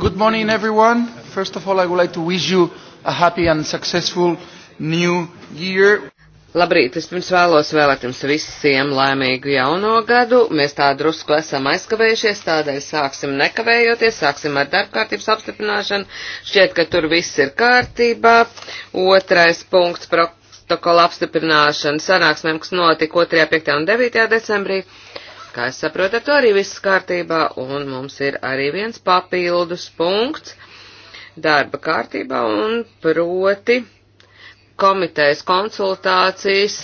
Good morning, everyone. First of all, I would like to wish you a happy and successful new year. Labrīt, vispirms vēlos vēlēt jums visiem laimīgu jauno gadu. Mēs tā drusku esam aizkavējušies, tādēļ sāksim nekavējoties, sāksim ar darbkārtības apstiprināšanu. Šķiet, ka tur viss ir kārtībā. Otrais punkts protokola apstiprināšana sanāksmēm, kas notika 2., 5. un 9. decembrī. Kā es saprotu, ar to arī viss kārtībā, un mums ir arī viens papildus punkts darba kārtībā, un proti komitejas konsultācijas.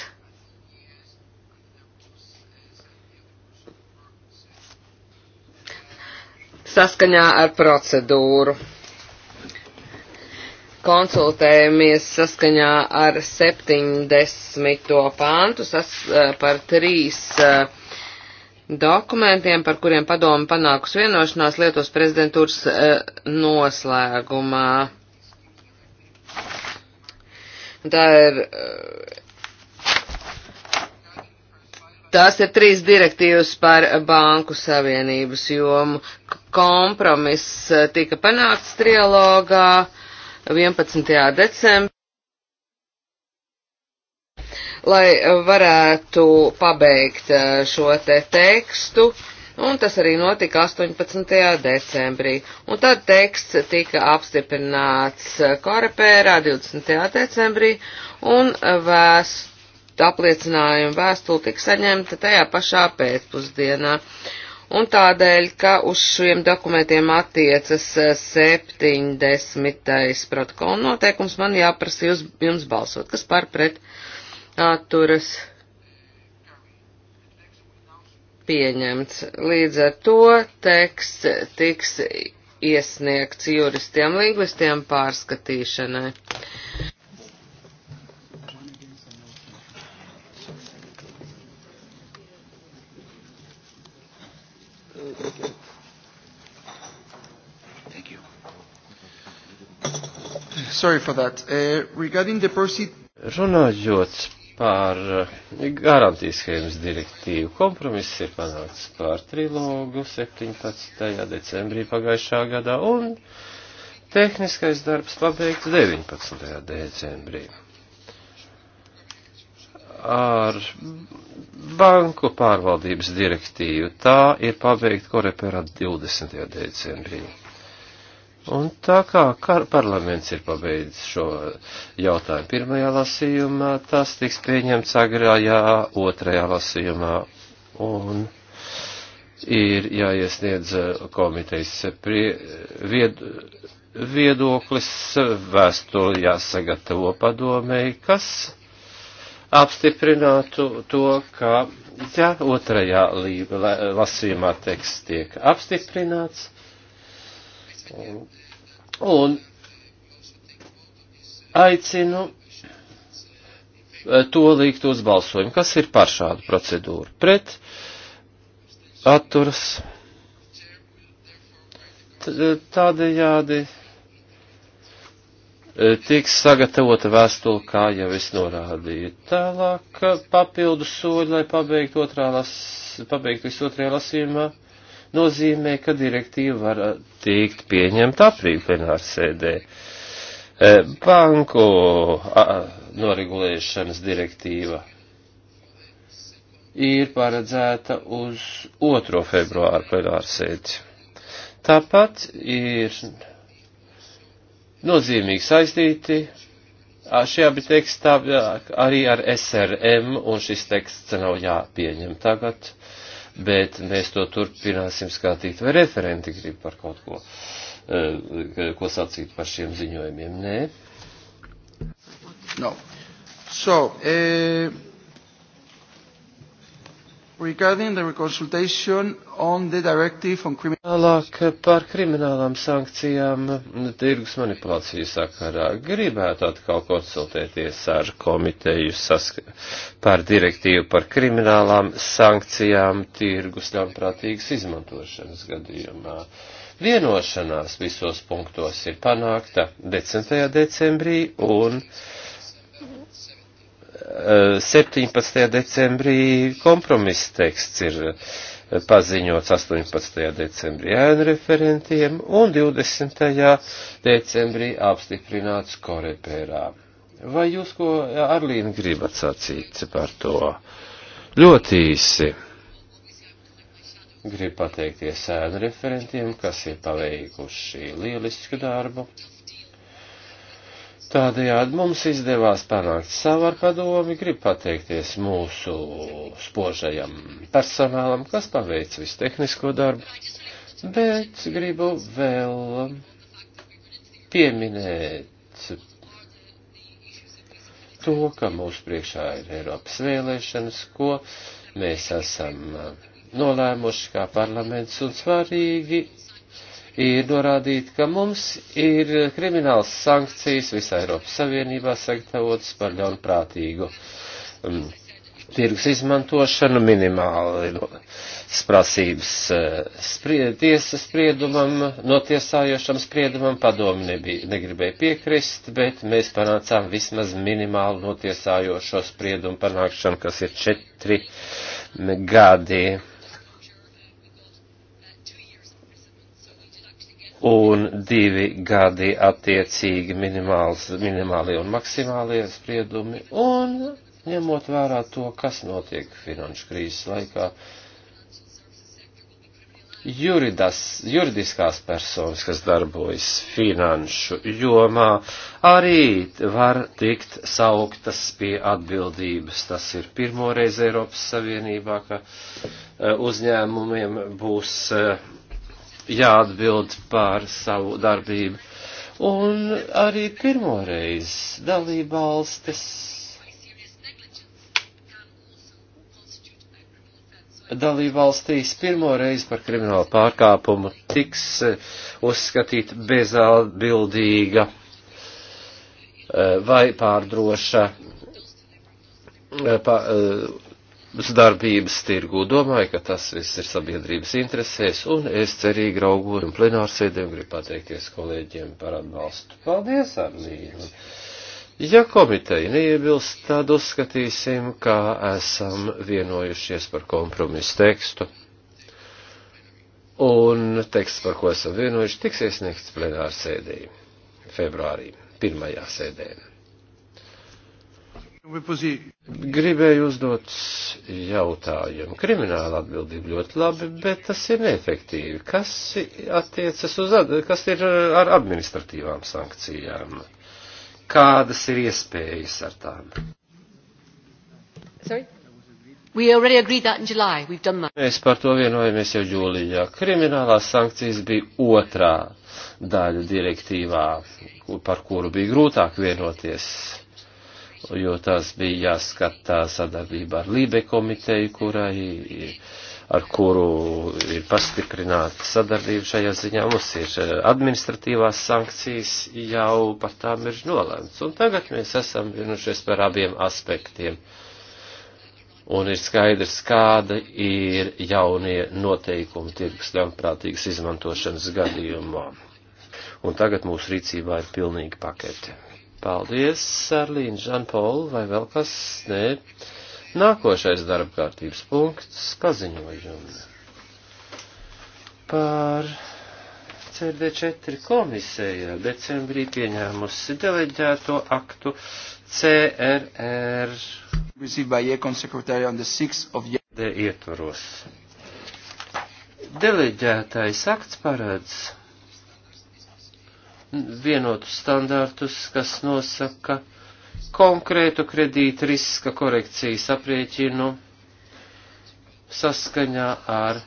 saskaņā ar procedūru. Konsultējamies saskaņā ar 70. pāntu sas, eh, par trīs uh, dokumentiem, par kuriem padomu panākus vienošanās Lietuvas prezidentūras e, noslēgumā. Tā ir e, Tās ir trīs direktīvas par banku savienības jomu. Kompromiss e, tika panākts trialogā 11. decembrī lai eh, varētu pabeigt eh, šo te tekstu, un tas arī notika 18. decembrī. Un tad teksts tika apstiprināts eh, Korepērā 20. decembrī, un vēst, apliecinājumu vēstuli tika saņemta tajā pašā pēcpusdienā. Un tādēļ, ka uz šiem dokumentiem attiecas 70. protokola noteikums, man jāprasa jūs, jums balsot, kas par pret atturas pieņemts. Līdz ar to teksts tiks iesniegts juristiem, lingvistiem pārskatīšanai. Sorry for that. Uh, regarding the proceed... Runājot par eh, garantijas schēmas direktīvu. Kompromiss ir panācis par trilogu 17. decembrī pagājušā gadā un tehniskais darbs pabeigts 19. decembrī. Ar banku pārvaldības direktīvu tā ir pabeigta korepera 20. decembrī Un tā kā parlaments ir pabeidzis šo jautājumu pirmajā lasījumā, tas tiks pieņemts agrājā otrajā lasījumā. Un ir jāiesniedz komitejas prie, vied, viedoklis, vēstuli jāsagatavo padomēji, kas apstiprinātu to, ka, ja otrajā lasījumā teksts tiek apstiprināts, Un aicinu eh, to likt uz balsojumu. Kas ir par šādu procedūru? Pret atturas eh, tādējādi eh, tiks sagatavota vēstule, kā jau es norādīju. Tālāk papildu soļi, lai pabeigtu otrā las, pabeigtu visu otrajā lasījumā, nozīmē, ka direktīva var tikt pieņemta aprīļa plenārsēdē. E, banku noregulēšanas direktīva ir paredzēta uz 2. februāru plenārsēdi. Tāpat ir nozīmīgi saistīti šie abi tekstā arī ar SRM, un šis teksts nav jāpieņem tagad bet mēs to turpināsim skatīt. Vai referenti grib par kaut ko, e, ko sacīt par šiem ziņojumiem? Nē. No. So, uh... E... Regarding the consultation on the directive on criminal... Tālāk par kriminālām sankcijām tirgus manipulāciju sakarā. Gribētu atkal konsultēties ar komiteju sask... par direktīvu par kriminālām sankcijām tirgus ļaunprātīgas izmantošanas gadījumā. Vienošanās visos punktos ir panākta 10. decembrī un. Uh, 17. decembrī kompromiss teksts ir paziņots 18. decembrī ēnu referentiem un 20. decembrī apstiprināts korepērā. Vai jūs ko, Arlīna, gribat sacīt par to? Ļoti īsi. Gribu pateikties ēnu referentiem, kas ir paveikuši lielisku darbu Tādējādi mums izdevās panākt savu ar padomi, grib pateikties mūsu spožajam personālam, kas paveic visu tehnisko darbu, bet gribu vēl pieminēt to, ka mūsu priekšā ir Eiropas vēlēšanas, ko mēs esam nolēmuši kā parlaments un svarīgi ir norādīt, ka mums ir krimināls sankcijas visā Eiropas Savienībā sagatavotas par ļaunprātīgu um, tirgus izmantošanu, minimāli prasības uh, sprie, tiesas spriedumam, notiesājošam spriedumam, padomi nebija, negribēja piekrist, bet mēs panācām vismaz minimālu notiesājošo spriedumu panākšanu, kas ir četri gadi un divi gadi attiecīgi minimālie un maksimālie spriedumi, un ņemot vērā to, kas notiek finanšu krīzes laikā, juridas, juridiskās personas, kas darbojas finanšu jomā, arī var tikt sauktas pie atbildības. Tas ir pirmoreiz Eiropas Savienībā, ka eh, uzņēmumiem būs eh, jāatbild par savu darbību. Un arī pirmoreiz dalībvalstis dalībvalstīs pirmoreiz par kriminālu pārkāpumu tiks eh, uzskatīta bezatbildīga eh, vai pārdroša eh, darbības tirgu. Domāju, ka tas viss ir sabiedrības interesēs, un es cerīgi raugos un plenārsēdēm gribu pateikties kolēģiem par atbalstu. Paldies, Arlīna! Ja komiteja neiebilst, tad uzskatīsim, kā esam vienojušies par kompromisu tekstu. Un teksts, par ko esam vienojuši, tiks iesniegts plenārsēdē februārī, pirmajā sēdē. Gribēju uzdot jautājumu. Krimināla atbildība ļoti labi, bet tas ir neefektīvi. Kas attiecas uz, kas ir ar administratīvām sankcijām? Kādas ir iespējas ar tām? Sorry? Mēs par to vienojamies jau jūlijā. Kriminālās sankcijas bija otrā daļa direktīvā, par kuru bija grūtāk vienoties jo tās bija jāskatā sadarbībā ar Lībe komiteju, kurai, ar kuru ir pastiprināta sadarbība šajā ziņā. Mums ir eh, administratīvās sankcijas jau par tām ir nolēmts. Un tagad mēs esam vienušies par abiem aspektiem. Un ir skaidrs, kāda ir jaunie noteikumi tirgus ļaunprātīgas izmantošanas gadījumā. Un tagad mūsu rīcībā ir pilnīga pakete. Paldies, Sarlīna, Žanpola, vai vēl kas? Nē. Nākošais darba kārtības punkts - paziņojumi par CD4 komisija decembrī pieņēmusi deleģēto aktu CRR. De ietvaros. Deleģētais akts paredz vienotus standārtus, kas nosaka konkrētu kredīta riska korekcijas aprēķinu saskaņā ar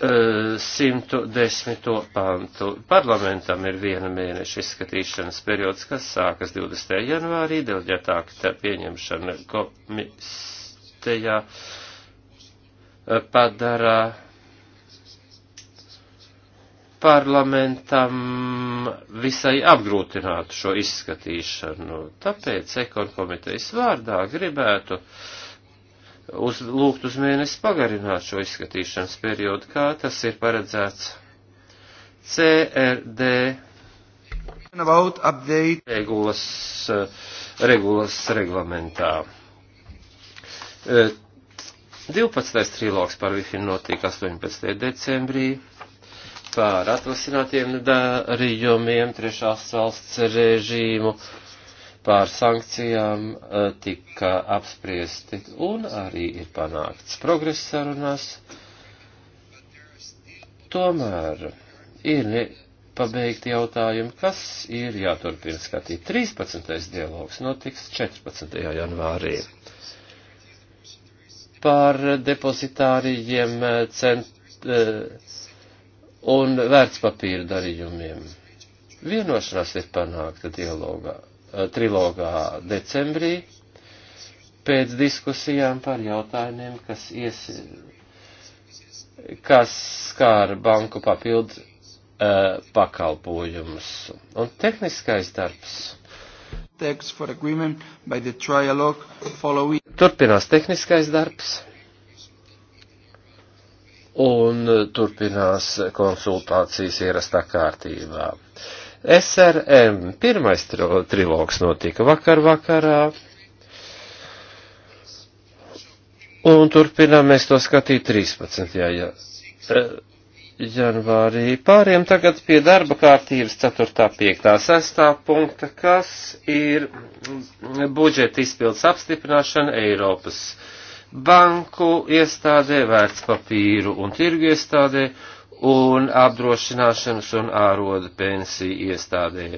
110. E, pantu. Parlamentam ir viena mēneša izskatīšanas periods, kas sākas 20. janvārī, delģētā akta pieņemšana komistejā e, padara parlamentam visai apgrūtinātu šo izskatīšanu. Tāpēc ekonkomitejas vārdā gribētu uz, lūgt uz mēnesi pagarināt šo izskatīšanas periodu, kā tas ir paredzēts CRD regulas, regulas reglamentā. 12. Eh, trilogs par Wi-Fi notika 18. decembrī par atvasinātiem darījumiem, trešās valsts režīmu, pār sankcijām eh, tika apspriesti un arī ir panākts progress sarunās. Tomēr ir pabeigti jautājumi, kas ir jāturpina skatīt. 13. dialogs notiks 14. janvārī par depozitārijiem cent, eh, un vērtspapīra darījumiem. Vienošanās ir panākta dialogā, eh, trilogā decembrī pēc diskusijām par jautājumiem, kas, ies, kas skāra banku papildu uh, pakalpojumus. Un tehniskais darbs. Turpinās tehniskais darbs un turpinās konsultācijas ierastā kārtībā. SRM pirmais trilogs notika vakar vakarā. Un turpinām mēs to skatīt 13. Jā, jā, janvārī. Pāriem tagad pie darba kārtības 4. 5. 6. punkta, kas ir budžeta izpildes apstiprināšana Eiropas banku iestādē, vērtspapīru un tirgu iestādē un apdrošināšanas un ārodu pensiju iestādē.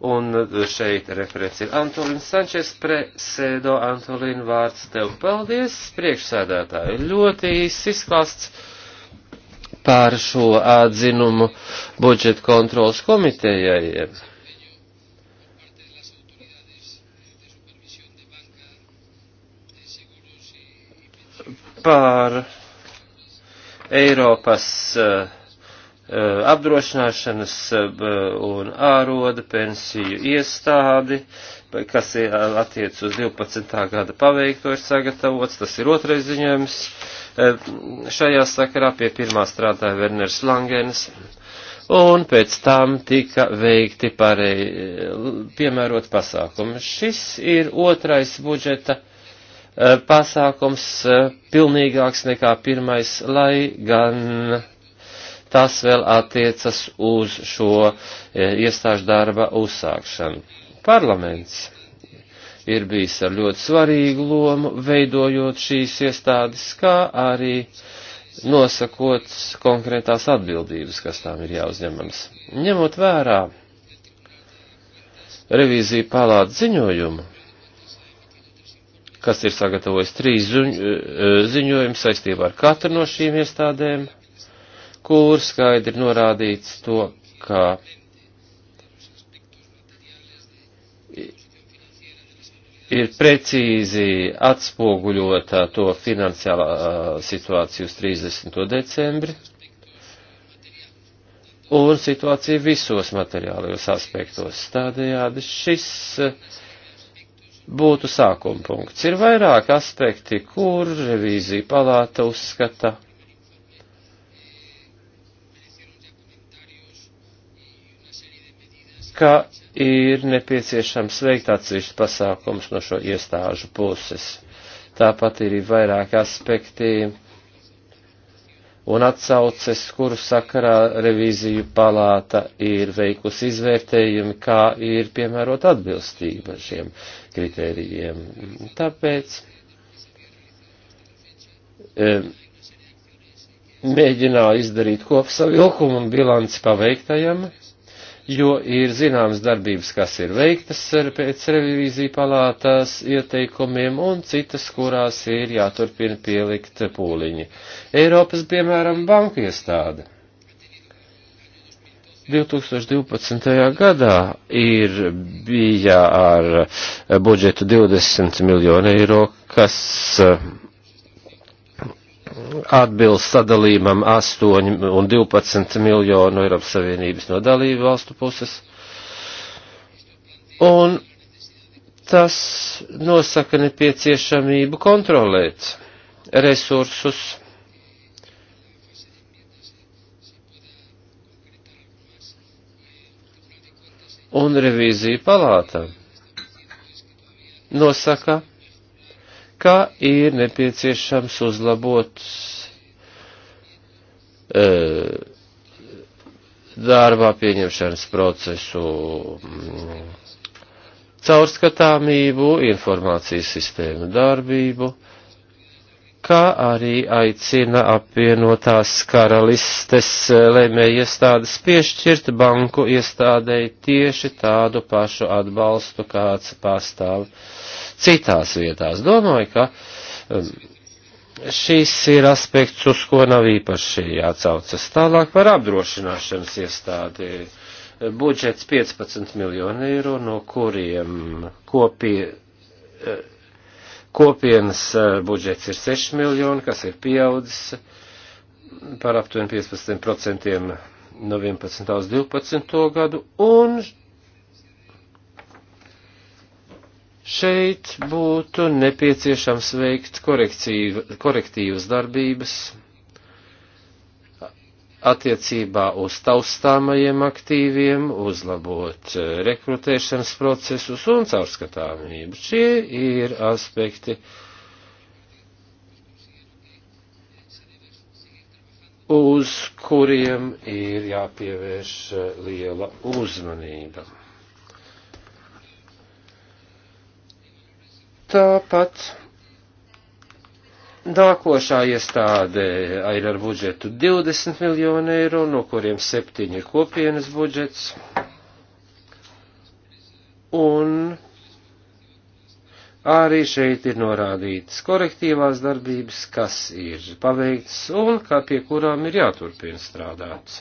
Un šeit referents ir Antolins Sančes, presēdo Antolina vārds tev. Paldies, priekšsēdētāji. Ļoti īsts izklāsts pār šo atzinumu budžeta kontrolas komitejai. par Eiropas uh, apdrošināšanas eh, un āroda pensiju iestādi, kas attiec uz 12. gada paveikto ir sagatavots, tas ir otrais ziņojums. Šajā sakarā pie pirmā strādāja Werners Langens, un pēc tam tika veikti pārēj piemērot pasākumi. Šis ir otrais budžeta Eh, pasākums eh, pilnīgāks nekā pirmais, lai gan tas vēl attiecas uz šo eh, iestāžu darba uzsākšanu. Parlaments ir bijis ar ļoti svarīgu lomu, veidojot šīs iestādes, kā arī nosakot konkrētās atbildības, kas tām ir jāuzņemamas. Ņemot vērā revīzija palāta ziņojumu, kas ir sagatavojis trīs e, e, ziņojumus saistībā ar katru no šīm iestādēm, kur skaidri norādīts to, ka ir precīzi atspoguļota to finansiālā e, situācija uz 30. decembri un situācija visos materiālajos aspektos. Tādējādi šis uh, būtu sākuma punkts. Ir vairāk aspekti, kur revīzija palāta uzskata. ka ir nepieciešams veikt atsevišķus pasākumus no šo iestāžu puses. Tāpat ir vairāki aspekti un atsauces, kuru sakarā revīziju palāta ir veikusi izvērtējumi, kā ir piemērot atbilstība šiem uh, kritērijiem. Tāpēc e, mēģināju izdarīt kopsavilkumu un bilanci paveiktajam, jo ir zināmas darbības, kas ir veiktas pēc revīzija palātās ieteikumiem un citas, kurās ir jāturpina pielikt pūliņi. Eiropas, piemēram, banku iestāde 2012. gadā ir bija ar budžetu 20 miljonu eiro, kas eh, atbilst sadalījumam 8 un 12 miljonu Eiropas Savienības no dalību valstu puses. Un tas nosaka nepieciešamību kontrolēt resursus un revīzija palāta nosaka, ka ir nepieciešams uzlabot e, darbā pieņemšanas procesu mm, caurskatāmību, informācijas sistēmu darbību, kā arī aicina apvienotās karalistes lēmēja iestādes piešķirt banku iestādēji tieši tādu pašu atbalstu, kāds pastāv citās vietās. Domāju, ka um, šis ir aspekts, uz ko nav īpaši jācaucas tālāk par apdrošināšanas iestādi budžets 15 miljonu eiro, no kuriem kopie eh, Kopienas eh, budžets ir 6 miljoni, kas ir pieaudzis par aptuveni 15% no 11. uz 12. gadu, un šeit būtu nepieciešams veikt korektīvas darbības attiecībā uz taustāmajiem aktīviem, uzlabot eh, rekrutēšanas procesus un caurskatāmību. Šie ir aspekti. uz kuriem ir jāpievērš eh, liela uzmanība. Tāpat Nākošā iestāde ir ar budžetu 20 miljonu eiro, no kuriem 7 ir kopienas budžets. Un arī šeit ir norādītas korektīvās darbības, kas ir paveikts un kā pie kurām ir jāturpina strādāts.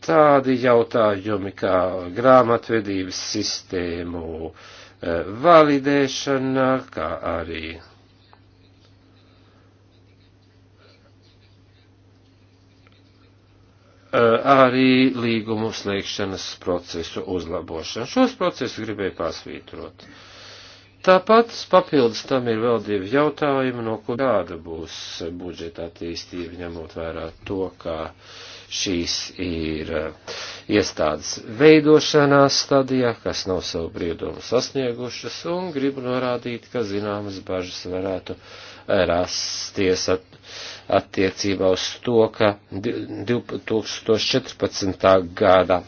Tādi jautājumi kā grāmatvedības sistēmu, uh, validēšana, kā arī arī līgumu slēgšanas procesu uzlabošanu. Šos procesus gribēju pasvītrot. Tāpat papildus tam ir vēl divi jautājumi, no kuriem kāda būs budžeta attīstība, ņemot vērā to, kā uh, Šīs ir eh, iestādes veidošanās stadijā, kas nav savu briedumu sasniegušas, un gribu norādīt, ka zināmas bažas varētu eh, rasties at, attiecībā uz to, ka 2014. gada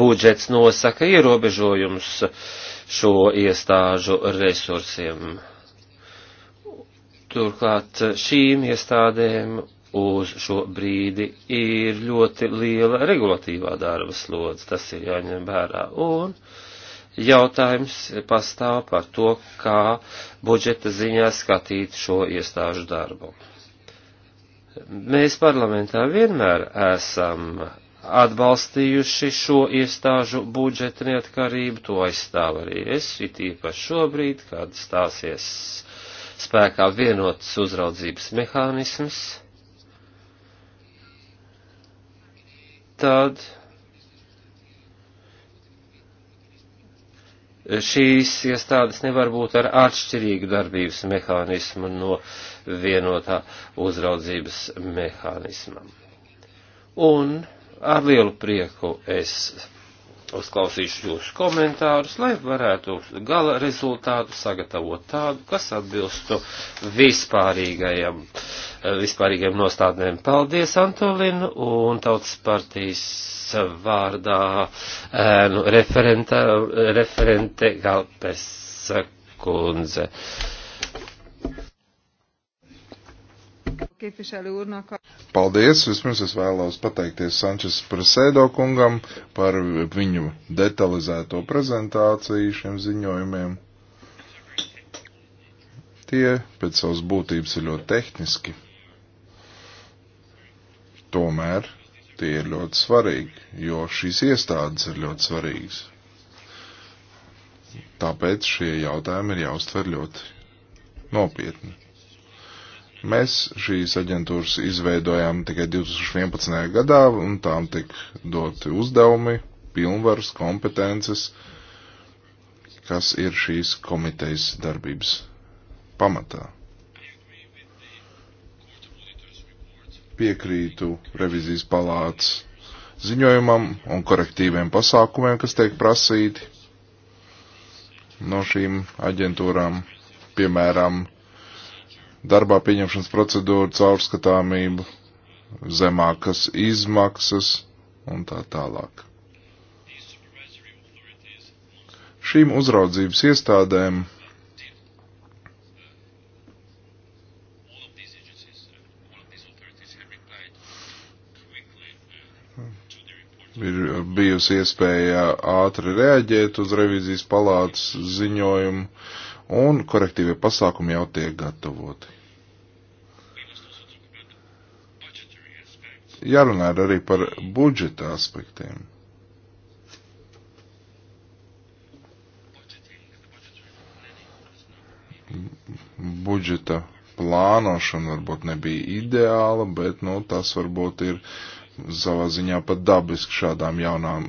budžets nosaka ierobežojums šo iestāžu resursiem. Turklāt šīm iestādēm uz šo brīdi ir ļoti liela regulatīvā darba slodze, tas ir jāņem vērā. Un jautājums pastāv par to, kā budžeta ziņā skatīt šo iestāžu darbu. Mēs parlamentā vienmēr esam atbalstījuši šo iestāžu budžeta neatkarību, to aizstāv arī es, it īpaši šobrīd, kad stāsies spēkā vienots uzraudzības mehānisms tad šīs iestādes nevar būt ar atšķirīgu darbības mehānismu no vienotā uzraudzības mehānismam. Un ar lielu prieku es uzklausīšu jūsu komentārus, lai varētu gala rezultātu sagatavot tādu, kas atbilstu vispārīgajam, vispārīgajam nostādnēm. Paldies, Antolin, un Tautas partijas vārdā nu, referenta, referente Galpes kundze. Paldies! Vispirms es vēlos pateikties Sančes Presēdo kungam par viņu detalizēto prezentāciju šiem ziņojumiem. Tie pēc savas būtības ir ļoti tehniski. Tomēr tie ir ļoti svarīgi, jo šīs iestādes ir ļoti svarīgas. Tāpēc šie jautājumi ir jāuztver ļoti nopietni. Mēs šīs aģentūras izveidojām tikai 2011. gadā, un tām tika doti uzdevumi, pilnvaras, kompetences, kas ir šīs komitejas darbības pamatā. Piekrītu revizijas palāts ziņojumam un korektīviem pasākumiem, kas tiek prasīti no šīm aģentūrām, piemēram, darbā pieņemšanas procedūru, caurskatāmību, zemākas izmaksas un tā tālāk. Šīm uzraudzības iestādēm ir bijusi iespēja ātri reaģēt uz revizijas palātas ziņojumu un korektīvie pasākumi jau tiek gatavoti. Jārunā arī par budžeta aspektiem. Budžeta plānošana varbūt nebija ideāla, bet nu, tas varbūt ir savā ziņā pat dabiski šādām jaunām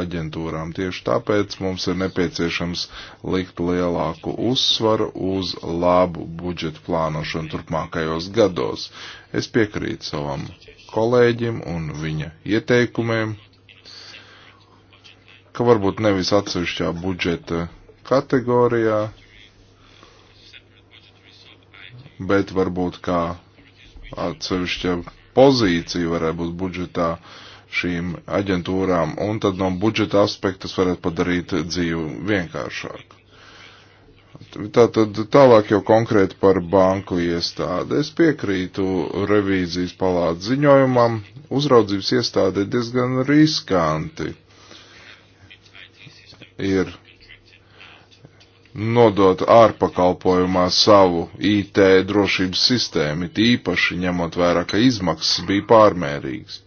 aģentūrām. Tieši tāpēc mums ir nepieciešams likt lielāku uzsvaru uz labu budžetu plānošanu turpmākajos gados. Es piekrītu savam kolēģim un viņa ieteikumiem, ka varbūt nevis atsevišķā budžeta kategorijā, bet varbūt kā atsevišķa pozīcija varētu būt budžetā šīm aģentūrām, un tad no budžeta aspekta tas varētu padarīt dzīvi vienkāršāku. Tātad tālāk jau konkrēti par banku iestādi. Es piekrītu revīzijas palātas ziņojumam, uzraudzības iestāde diezgan riskanti ir nodot ārpakalpojumā savu IT drošības sistēmu, tīpaši ņemot vērā, ka izmaksas bija pārmērīgas.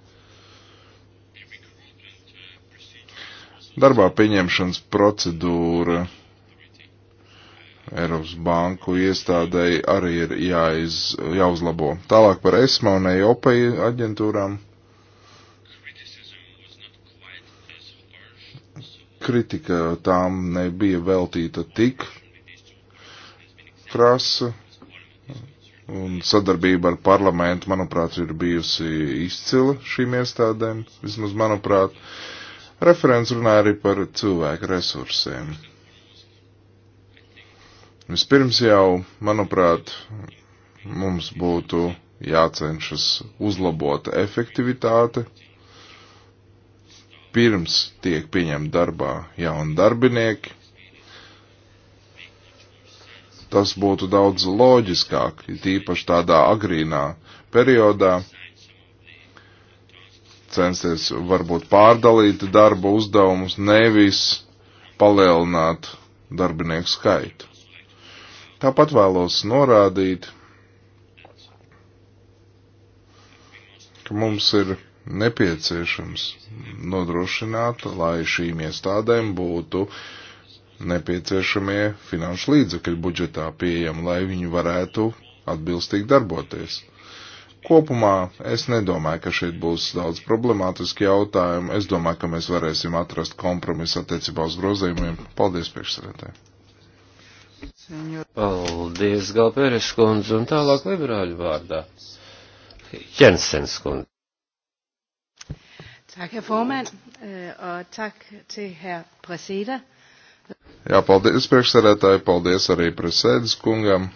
Darbā pieņemšanas procedūra Eiropas banku iestādēji arī ir jāiz, jāuzlabo. Tālāk par ESMA un EOPA aģentūrām. kritika tām nebija veltīta tik krasa. Un sadarbība ar parlamentu, manuprāt, ir bijusi izcila šīm iestādēm. Vismaz, manuprāt, referents runāja arī par cilvēku resursiem. Vispirms jau, manuprāt, mums būtu jācenšas uzlabot efektivitāte pirms tiek pieņemti darbā jauni darbinieki. Tas būtu daudz loģiskāk, tīpaši tādā agrīnā periodā, censties varbūt pārdalīt darba uzdevumus, nevis palielināt darbinieku skaitu. Tāpat vēlos norādīt, ka mums ir nepieciešams nodrošināt, lai šīm iestādēm būtu nepieciešamie finanšu līdzekļi budžetā pieejami, lai viņi varētu atbilstīgi darboties. Kopumā es nedomāju, ka šeit būs daudz problemātiski jautājumi. Es domāju, ka mēs varēsim atrast kompromisu attiecībā uz grozījumiem. Paldies, priekšsēdētāji! Paldies, Galpēriškundze, un tālāk liberāļu vārdā. Jensens kundze. Tak, herr formand, øh, og tak til herr Preseda. Jā, paldies priekšsarētāji, paldies arī Presēdas kungam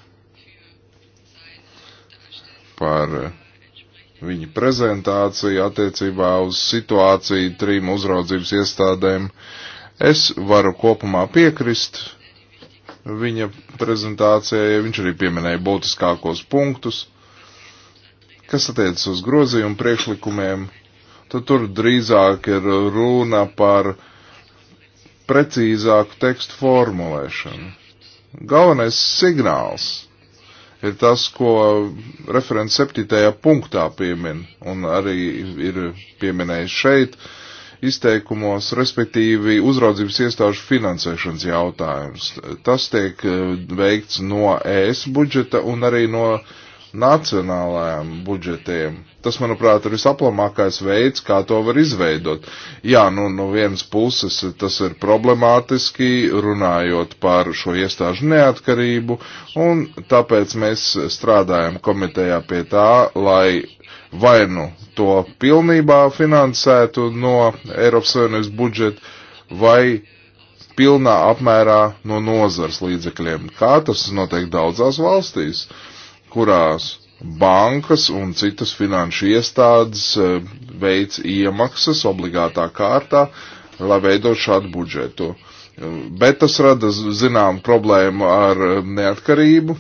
par eh, viņa prezentāciju attiecībā uz situāciju trim uzraudzības iestādēm. Es varu kopumā piekrist viņa prezentācijai, viņš arī pieminēja būtiskākos punktus, kas attiecas uz grozījumu priekšlikumiem tad tur drīzāk ir runa par precīzāku tekstu formulēšanu. Galvenais signāls ir tas, ko referents septītajā punktā piemin, un arī ir pieminējis šeit izteikumos, respektīvi uzraudzības iestāžu finansēšanas jautājums. Tas tiek e, veikts no ES budžeta un arī no nacionālajiem budžetiem tas, manuprāt, ir visaplamākais veids, kā to var izveidot. Jā, nu, no nu vienas puses tas ir problemātiski, runājot par šo iestāžu neatkarību, un tāpēc mēs strādājam komitejā pie tā, lai vai nu to pilnībā finansētu no Eiropas Savienības budžeta, vai pilnā apmērā no nozars līdzekļiem, kā tas notiek daudzās valstīs, kurās bankas un citas finanšu iestādes e, veids iemaksas obligātā kārtā, lai veidot šādu budžetu. E, bet tas rada zinām problēmu ar e, neatkarību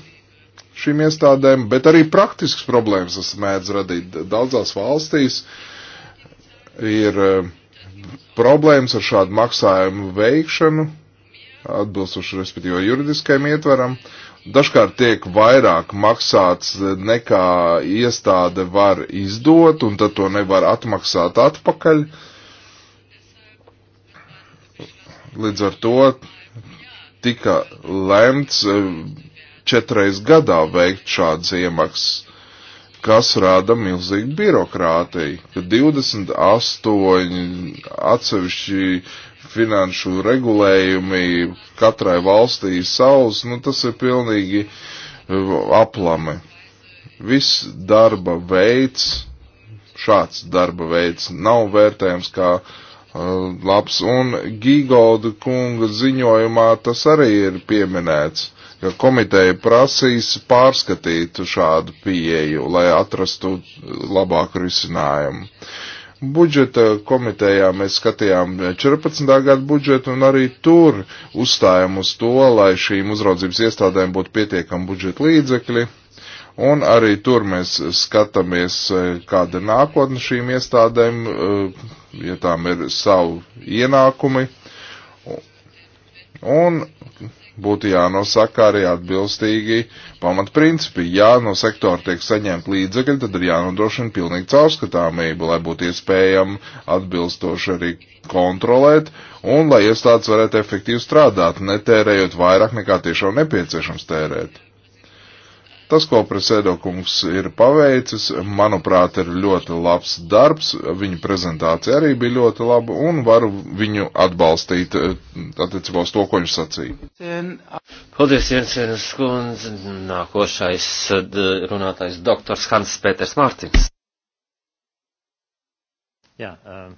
šīm iestādēm, bet arī praktisks problēmas tas mēdz radīt daudzās valstīs. Ir problēmas ar šādu maksājumu veikšanu, atbilstoši respektīvo juridiskajam ietveram. Dažkārt tiek vairāk maksāts eh, nekā iestāde var izdot, un tad to nevar atmaksāt atpakaļ. Līdz ar to tika lemts eh, četreiz gadā veikt šādas iemaksas kas rada milzīgu birokrātiju, ka 28 atsevišķi finanšu regulējumi katrai valstī savs, nu tas ir pilnīgi uh, aplame. Viss darba veids, šāds darba veids nav vērtējams kā uh, labs, un Gīgolda kunga ziņojumā tas arī ir pieminēts ka komiteja prasīs pārskatīt šādu pieeju, lai atrastu labāku risinājumu. Budžeta komitejā mēs skatījām 14. gadu budžetu un arī tur uzstājam uz to, lai šīm uzraudzības iestādēm būtu pietiekami budžeta līdzekļi. Un arī tur mēs skatāmies, kāda ir nākotne šīm iestādēm, eh, ja tām ir savu ienākumi. Un būtu jānosaka arī atbilstīgi pamatprincipi. Ja no sektora tiek saņemt līdzekļi, tad ir jānodrošina pilnīgi caurskatāmība, lai būtu iespējama atbilstoši arī kontrolēt un lai iestādes varētu efektīvi strādāt, netērējot vairāk nekā tiešām nepieciešams tērēt. Tas, ko Presēdokungs ir paveicis, manuprāt, ir ļoti labs darbs. Viņa prezentācija arī bija ļoti laba un varu viņu atbalstīt eh, attiecībā uz to, ko viņš sacīja. Paldies, Jensenas kundze. Nākošais eh, runātājs doktors Hans Pēters Mārtins. Jā, um.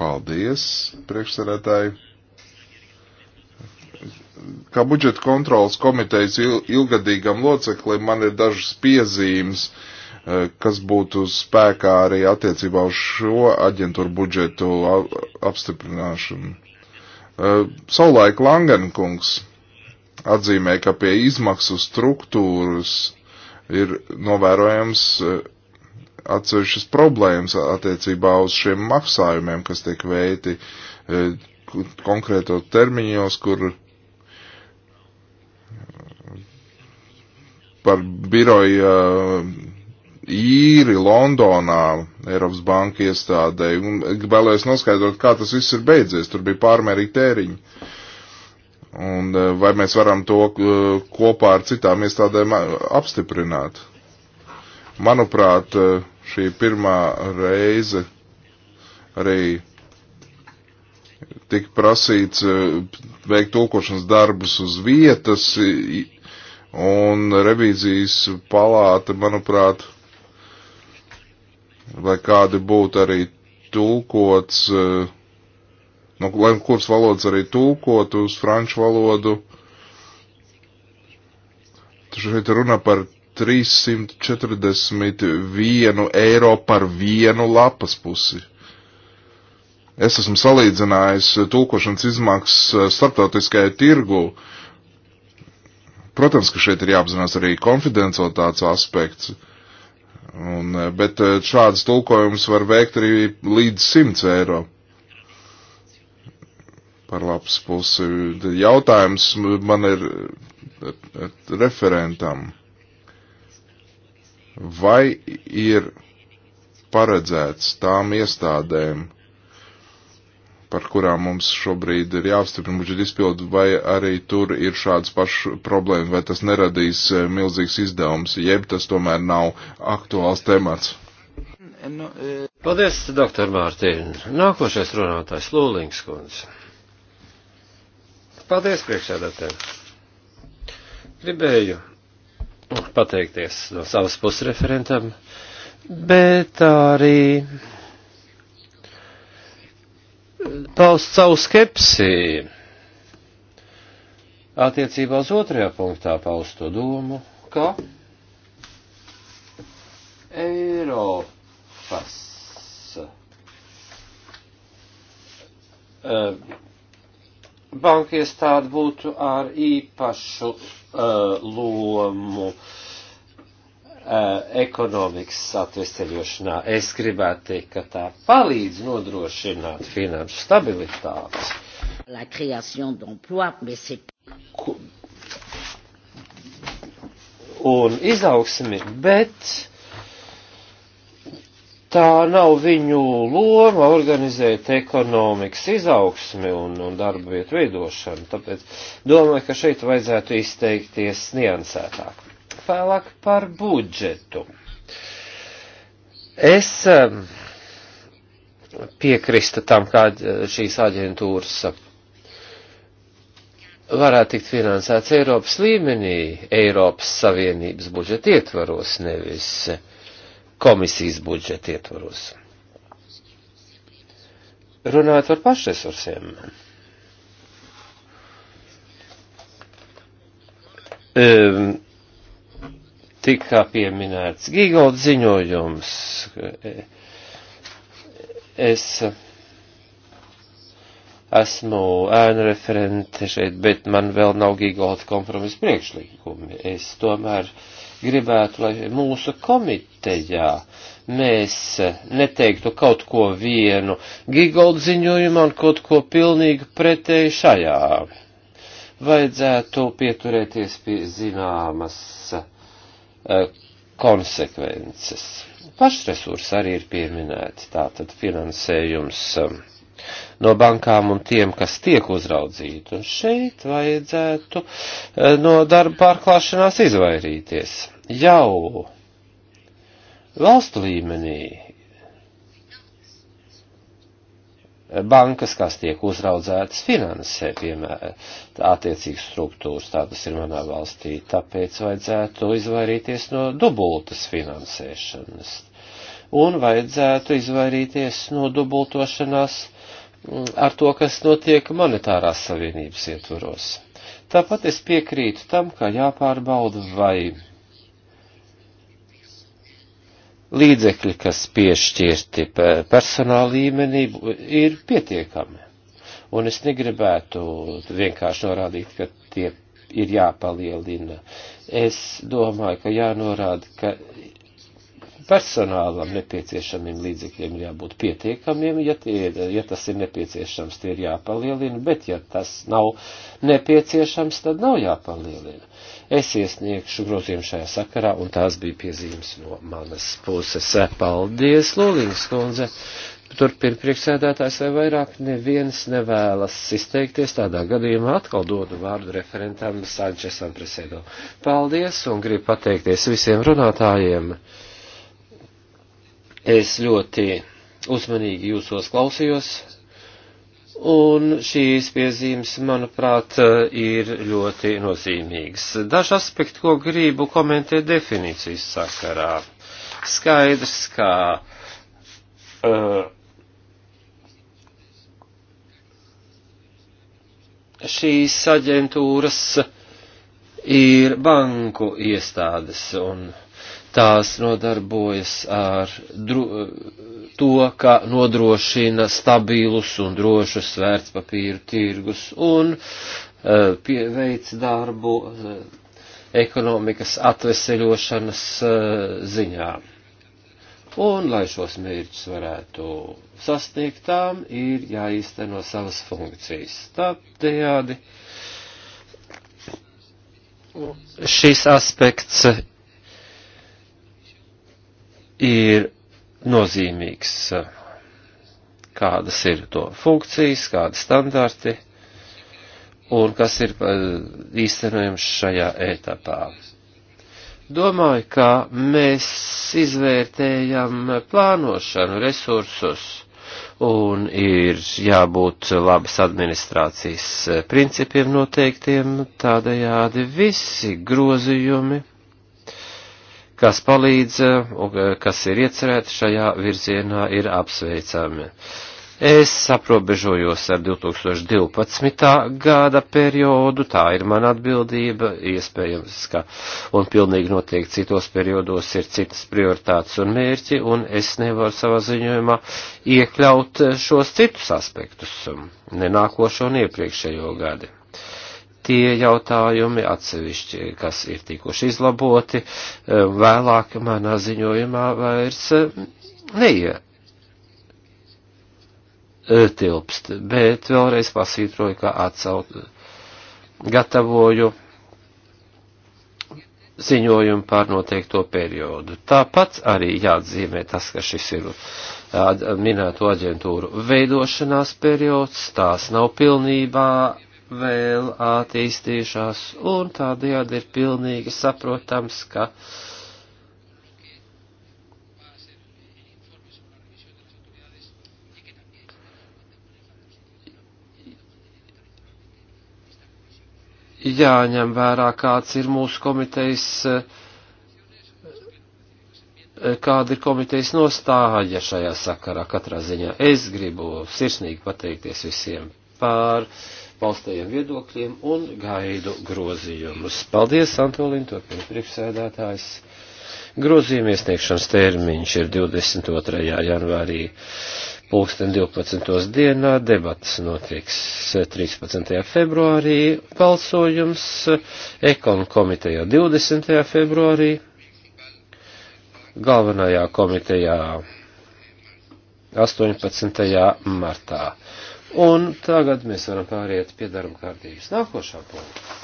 Paldies, priekšsarētāji kā budžeta kontrolas komitejas ilgadīgam loceklim man ir dažas piezīmes, e, kas būtu spēkā arī attiecībā uz šo aģentūru budžetu apstiprināšanu. E, Saulaik Langenkungs atzīmē, ka pie izmaksu struktūras ir novērojams e, atsevišķas problēmas attiecībā uz šiem maksājumiem, kas tiek veikti konkrēto termiņos, kur par biroja uh, īri Londonā Eiropas banka iestādē. Un vēlējos noskaidrot, kā tas viss ir beidzies. Tur bija pārmērīgi tēriņi. Un uh, vai mēs varam to uh, kopā ar citām iestādēm apstiprināt? Manuprāt, šī pirmā reize arī tika prasīts veikt tulkošanas darbus uz vietas, Un revīzijas palāta, manuprāt, lai kādi būtu arī tulkots, nu, lai kuras valodas arī tulkot uz franču valodu, tur šeit runa par 341 eiro par vienu lapas pusi. Es esmu salīdzinājis tulkošanas izmaksas starptautiskajai tirgu, uh, Protams, ka šeit ir jāapzinās arī konfidencialitātes aspekts, un, eh, bet eh, šāds tulkojums var veikt arī līdz 100 eiro par labs pusi. Jautājums man ir eh, referentam. Vai ir paredzēts tām iestādēm, par kurām mums šobrīd ir jāapstiprina budžeta izpildu, vai arī tur ir šāds pašs problēma, vai tas neradīs e, milzīgs izdevums, jeb tas tomēr nav aktuāls temats. Nu, e, Paldies, doktor Mārtiņ. Nākošais runātājs Lūlings kundze. Paldies, priekšsēdētājiem. Gribēju pateikties no savas pusreferentam, bet arī paust savu skepsi attiecībā uz otrajā punktā pausto domu, ka Eiropas uh, eh, banka iestāde būtu ar īpašu uh, lomu uh, Eh, ekonomikas atveseļošanā. Es gribētu teikt, ka tā palīdz nodrošināt finanšu stabilitāti. La création d'emploi, mais c'est... Un izaugsmi, bet tā nav viņu loma organizēt ekonomikas izaugsmi un, un darba vietu veidošanu, tāpēc domāju, ka šeit vajadzētu izteikties niansētāk vēlāk par budžetu. Es um, piekrista tam, kā uh, šīs aģentūras varētu tikt finansēts Eiropas līmenī, Eiropas Savienības budžeta ietvaros, nevis komisijas budžeta ietvaros. Runājot par pašresursiem. Um, Tikā pieminēts Gigolda ziņojums. Es esmu ēnu referente šeit, bet man vēl nav Gigolda kompromisa priekšlikumi. Es tomēr gribētu, lai mūsu komitejā mēs neteiktu kaut ko vienu Gigolda ziņojumā un kaut ko pilnīgi pretēji šajā. Vajadzētu pieturēties pie zināmas uh, Eh, konsekvences. Pašresursi arī ir pieminēti, tātad finansējums eh, no bankām un tiem, kas tiek uzraudzīti. Un šeit vajadzētu eh, no darba pārklāšanās izvairīties. Jau valstu līmenī bankas, kas tiek uzraudzētas finansē, piemēram, attiecīgas struktūras, tā tas ir manā valstī, tāpēc vajadzētu izvairīties no dubultas finansēšanas. Un vajadzētu izvairīties no dubultošanās mm, ar to, kas notiek monetārās savienības ietvaros. Tāpat es piekrītu tam, ka jāpārbauda, vai līdzekļi, kas piešķirti personāla līmenī, ir pietiekami. Un es negribētu vienkārši norādīt, ka tie ir jāpalielina. Es domāju, ka jānorāda, ka personālam nepieciešamiem līdzekļiem ir jābūt pietiekamiem, ja, tie, ja tas ir nepieciešams, tie ir jāpalielina, bet ja tas nav nepieciešams, tad nav jāpalielina. Es iesniegšu grozījumu šajā sakarā, un tās bija piezīmes no manas puses. Paldies, Lūlīnas kundze! Turpin priekšsēdētājs vai vairāk neviens nevēlas izteikties, tādā gadījumā atkal dodu vārdu referentam Sančesam Presedo. Paldies un gribu pateikties visiem runātājiem. Es ļoti uzmanīgi jūsos klausījos, Un šīs piezīmes, manuprāt, ir ļoti nozīmīgas. Daži aspekti, ko gribu komentēt definīcijas sakarā. Skaidrs, ka uh, šīs aģentūras ir banku iestādes un uh, tās nodarbojas ar dro, to, ka nodrošina stabilus un drošus vērtspapīru tirgus un uh, eh, pieveic darbu uh, ekonomikas atveseļošanas uh, ziņā. Un, lai šos mērķus varētu sasniegt, tām ir jāīsteno savas funkcijas. Tādējādi šis aspekts ir nozīmīgs, kādas ir to funkcijas, kādi standarti un kas ir eh, īstenojams šajā etapā. Domāju, ka mēs izvērtējam plānošanu resursus un ir jābūt labas administrācijas eh, principiem noteiktiem, tādējādi visi grozījumi kas palīdz, eh, eh, kas ir iecerēti šajā virzienā, ir apsveicami. Es aprobežojos ar 2012. gada periodu, tā ir mana atbildība, iespējams, ka un pilnīgi noteikti citos periodos ir citas prioritātes un mērķi, un es nevaru savā ziņojumā iekļaut šos citus aspektus, ne nākošo un iepriekšējo gadu tie jautājumi atsevišķi, kas ir tikuši izlaboti, e, vēlāk manā ziņojumā vairs e, neietilpst, bet vēlreiz pasvītroju, ka atcaut gatavoju ziņojumu par noteikto periodu. Tāpat arī jāatzīmē tas, ka šis ir minēto aģentūru veidošanās periods, tās nav pilnībā vēl attīstījušās, un tādējādi ir pilnīgi saprotams, ka jāņem vērā, kāds ir mūsu komitejas, kāda ir komitejas nostāja šajā sakarā katrā ziņā. Es gribu sirsnīgi pateikties visiem par uh, paustajiem viedokļiem un gaidu grozījumus. Paldies, Antolīna, turpina priekšsēdētājs. Grozījuma iesniegšanas termiņš ir 22. janvārī pulksten 12. dienā, debatas notiks 13. februārī, balsojums ekonu komitejā 20. februārī, galvenajā komitejā 18. martā. Un tagad mēs varam pāriet pie darba kārtības nākošā punkta.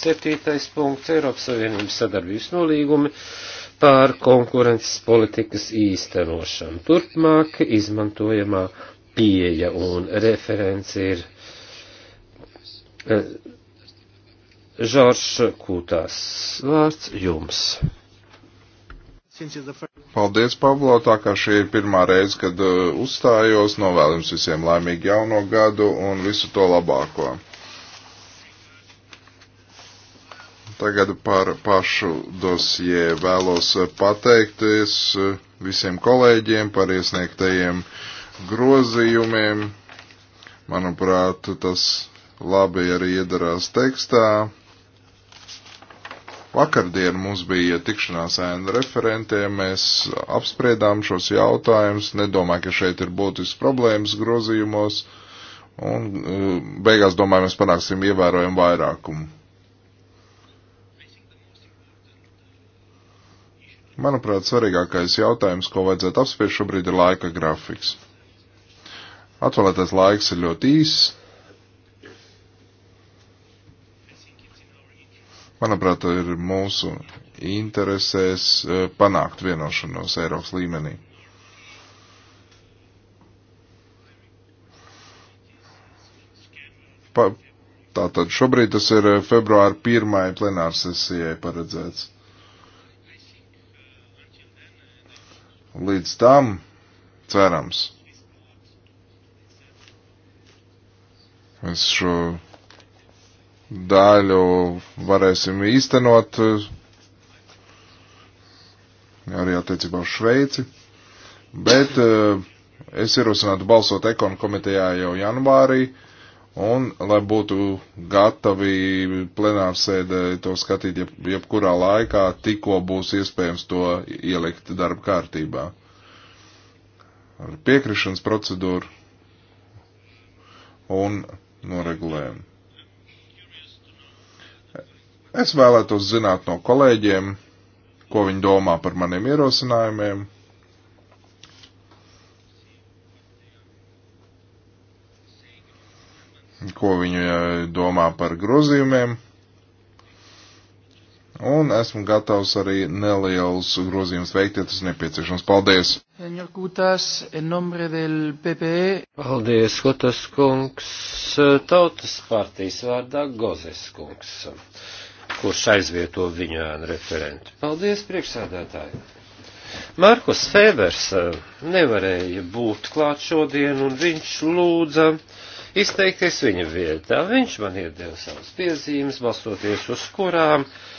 Septītais punkts - Eiropas Savienības sadarbības nolīgumi pār konkurences politikas īstenošanu. Turpmāk izmantojamā pieeja un referents ir eh, Žoržs Kūtās. Vārds jums. Paldies, Pablo, tā kā šī ir pirmā reize, kad uh, uzstājos, novēlu jums visiem laimīgu jauno gadu un visu to labāko. Tagad par pašu dosie vēlos uh, pateikties uh, visiem kolēģiem par iesniegtajiem grozījumiem. Manuprāt, tas labi arī iedarās tekstā. Vakardien mums bija tikšanās ēnu referentiem, mēs apspriedām šos jautājumus, nedomāju, ka šeit ir būtisks problēmas grozījumos, un eh, beigās, domāju, mēs panāksim ievērojumu vairākumu. Manuprāt, svarīgākais jautājums, ko vajadzētu apspriest šobrīd, ir laika grafiks. Atvēlētais laiks ir ļoti īss, Manuprāt, ir mūsu interesēs e, panākt vienošanos Eiropas līmenī. Pa, tātad šobrīd tas ir e, februāra pirmai plenārsesijai paredzēts. Līdz tam cerams. Es šo daļu varēsim īstenot arī attiecībā uz Šveici. Bet eh, es ierosinātu balsot ekonu komitejā jau janvārī, un lai būtu gatavi plenārsēdē to skatīt jeb, jebkurā laikā, tikko būs iespējams to ielikt darba kārtībā. Ar piekrišanas procedūru un noregulējumu. Es vēlētos zināt no kolēģiem, ko viņi domā par maniem ierosinājumiem. Ko viņi eh, domā par grozījumiem. Un esmu gatavs arī nelielus grozījumus veikt, ja tas nepieciešams. Paldies! E. Paldies, Kutas kungs, tautas partijas vārdā Gozes kungs kurš aizvieto viņu ēnu referentu. Paldies, priekšsēdētāji! Markus Fēbers eh, nevarēja būt klāt šodien, un viņš lūdza izteikties viņa vietā. Viņš man iedeva savas piezīmes, balstoties uz kurām uh,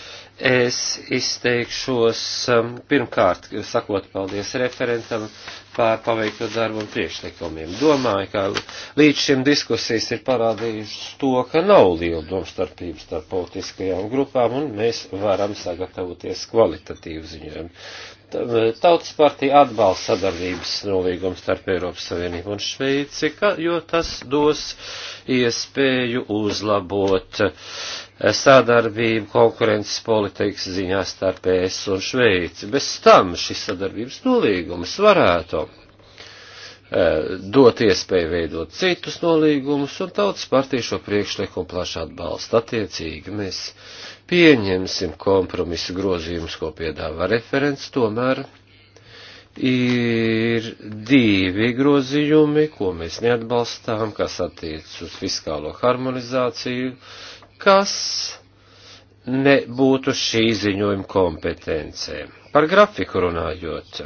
Es izteikšos um, pirmkārt, sakot paldies referentam par paveikto darbu un priekšlikumiem. Domāju, ka līdz šim diskusijas ir parādījušas to, ka nav liela domstarpības starp politiskajām grupām un mēs varam sagatavoties kvalitatīvu ziņojumu. Tautas partija atbalsta sadarbības nolīgumu starp Eiropas Savienību un Šveici, ka, jo tas dos iespēju uzlabot eh, sadarbību konkurences politikas ziņā starp ES un Šveici. Bez tam šis sadarbības nolīgums varētu eh, dot iespēju veidot citus nolīgumus, un tautas partija šo priekšlikumu plaši atbalsta. Attiecīgi mēs pieņemsim kompromisu grozījumus, ko piedāvā referents, tomēr ir divi grozījumi, ko mēs neatbalstām, kas attiec uz fiskālo harmonizāciju, kas nebūtu šī ziņojuma kompetencē. Par grafiku runājot,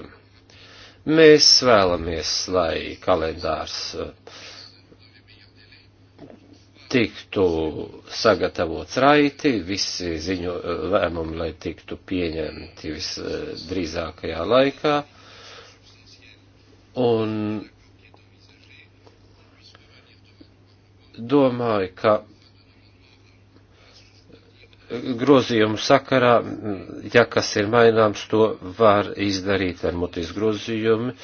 mēs vēlamies, lai kalendārs uh, tiktu sagatavots raiti, visi ziņo lēmumi, lai tiktu pieņemti visdrīzākajā laikā. Un domāju, ka grozījumu sakarā, ja kas ir maināms, to var izdarīt ar mutis grozījumi,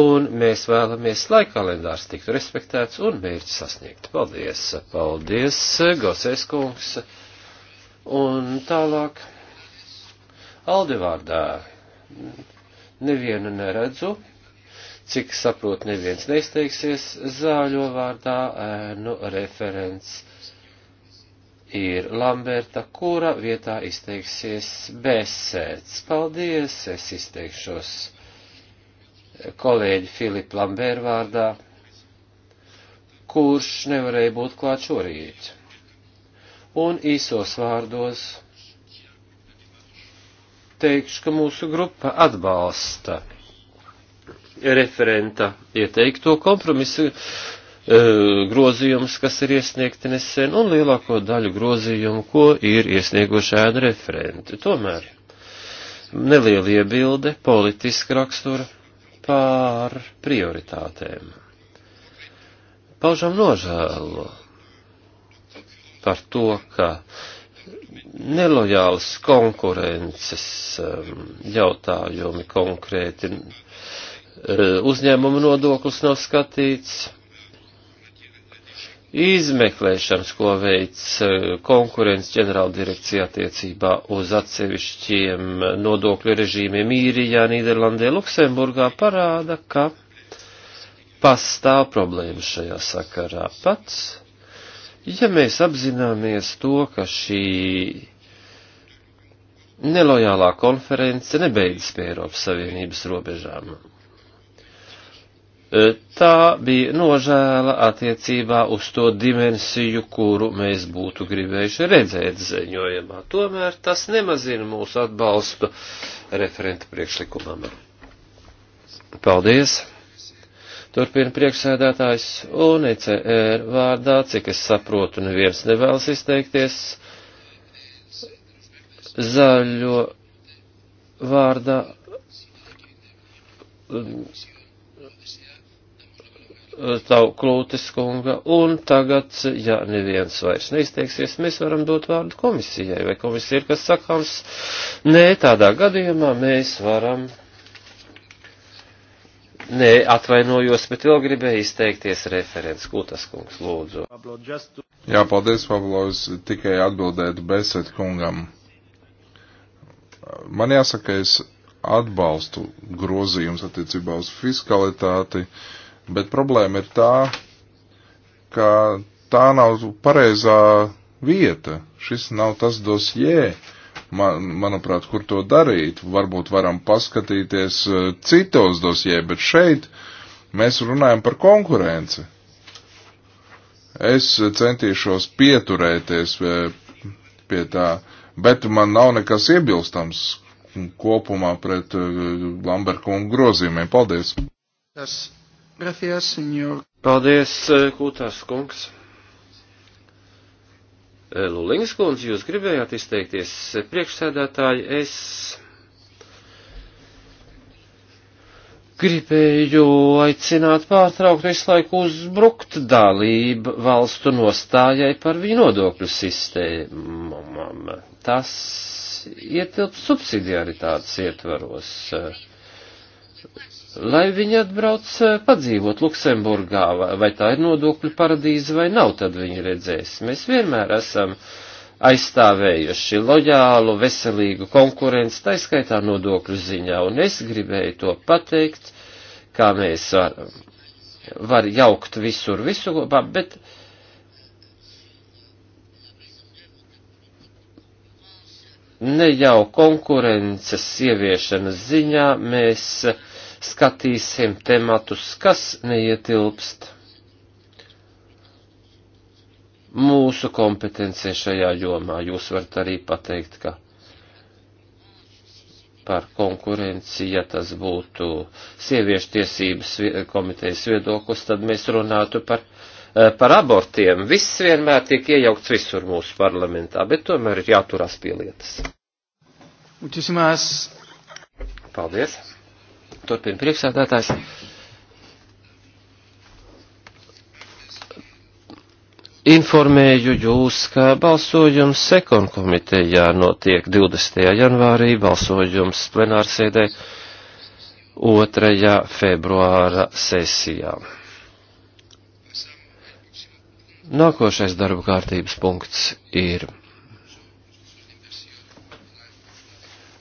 un mēs vēlamies, lai kalendārs tiktu respektēts un mērķis sasniegt. Paldies, paldies, Gosēs kungs, un tālāk Aldivārdā nevienu neredzu, cik saprot neviens neizteiksies zāļo vārdā, nu, referents ir Lamberta, kura vietā izteiksies Bēsēts. Paldies, es izteikšos kolēģi Filipa Lambēra vārdā, kurš nevarēja būt klāt šorīt. Un īsos vārdos teikšu, ka mūsu grupa atbalsta referenta ieteikto kompromisu E, grozījumus, kas ir iesniegti nesen, un lielāko daļu grozījumu, ko ir iesnieguši ēna referenti. Tomēr neliela iebilde politiska rakstura pār prioritātēm. Paužam nožēlu par to, ka nelojāls konkurences um, jautājumi konkrēti uh, uzņēmuma nodoklis nav skatīts izmeklēšanas, ko veic eh, konkurences ģenerāla direkcija attiecībā uz atsevišķiem nodokļu režīmiem īrijā, Nīderlandē, Luksemburgā, parāda, ka pastāv problēmas šajā sakarā pats. Ja mēs apzināmies to, ka šī nelojālā konference nebeidzas pie Eiropas Savienības robežām, E, tā bija nožēla attiecībā uz to dimensiju, kuru mēs būtu gribējuši redzēt ziņojumā. Tomēr tas nemazina mūsu atbalstu referenta priekšlikumam. Paldies! Turpina priekšsēdētājs un ECR vārdā, cik es saprotu, neviens nevēlas izteikties zaļo vārdā tavu klūtes kunga, un tagad, ja neviens vairs neizteiksies, mēs varam dot vārdu komisijai, vai komisija ir kas sakāms. Nē, tādā gadījumā mēs varam. Nē, atvainojos, bet vēl gribēju izteikties referents Kūtas kungs, lūdzu. Jā, paldies, Pablo, es tikai atbildētu Beset kungam. Man jāsaka, es atbalstu grozījums attiecībā uz fiskalitāti. Uh, Bet problēma ir tā, ka tā nav pareizā vieta. Šis nav tas dosjē, man, manuprāt, kur to darīt. Varbūt varam paskatīties eh, citos dosjē, bet šeit mēs runājam par konkurenci. Es centīšos pieturēties eh, pie tā, bet man nav nekas iebilstams kopumā pret eh, Lamberkungu grozījumiem. Paldies! Tas Gracias, senor. Paldies, eh, Kūtās kungs. Eh, Lulings kundze, jūs gribējāt izteikties eh, priekšsēdētāji, es gribēju aicināt pārtraukt visu laiku uzbrukt dalību valstu nostājai par viņu nodokļu sistēmām. Tas ietilp subsidiaritātes ietvaros lai viņi atbrauc eh, padzīvot Luksemburgā, vai tā ir nodokļu paradīze vai nav, tad viņi redzēs. Mēs vienmēr esam aizstāvējuši lojālu, veselīgu konkurenci, taiskaitā nodokļu ziņā, un es gribēju to pateikt, kā mēs varam, var jaukt visur, visu, bet. Ne jau konkurences ieviešanas ziņā mēs uh, skatīsim tematus, kas neietilpst mūsu kompetencija šajā jomā. Jūs varat arī pateikt, ka par konkurenci, ja tas būtu sieviešu tiesības komitejas viedoklis, tad mēs runātu par, eh, par abortiem. Viss vienmēr tiek iejaukts visur mūsu parlamentā, bet tomēr ir jāturās pie lietas. Paldies! turpina priekšsādātājs. Informēju jūs, ka balsojums sekon komitejā notiek 20. janvārī, balsojums plenārsēdē 2. februāra sesijā. Nākošais darba kārtības punkts ir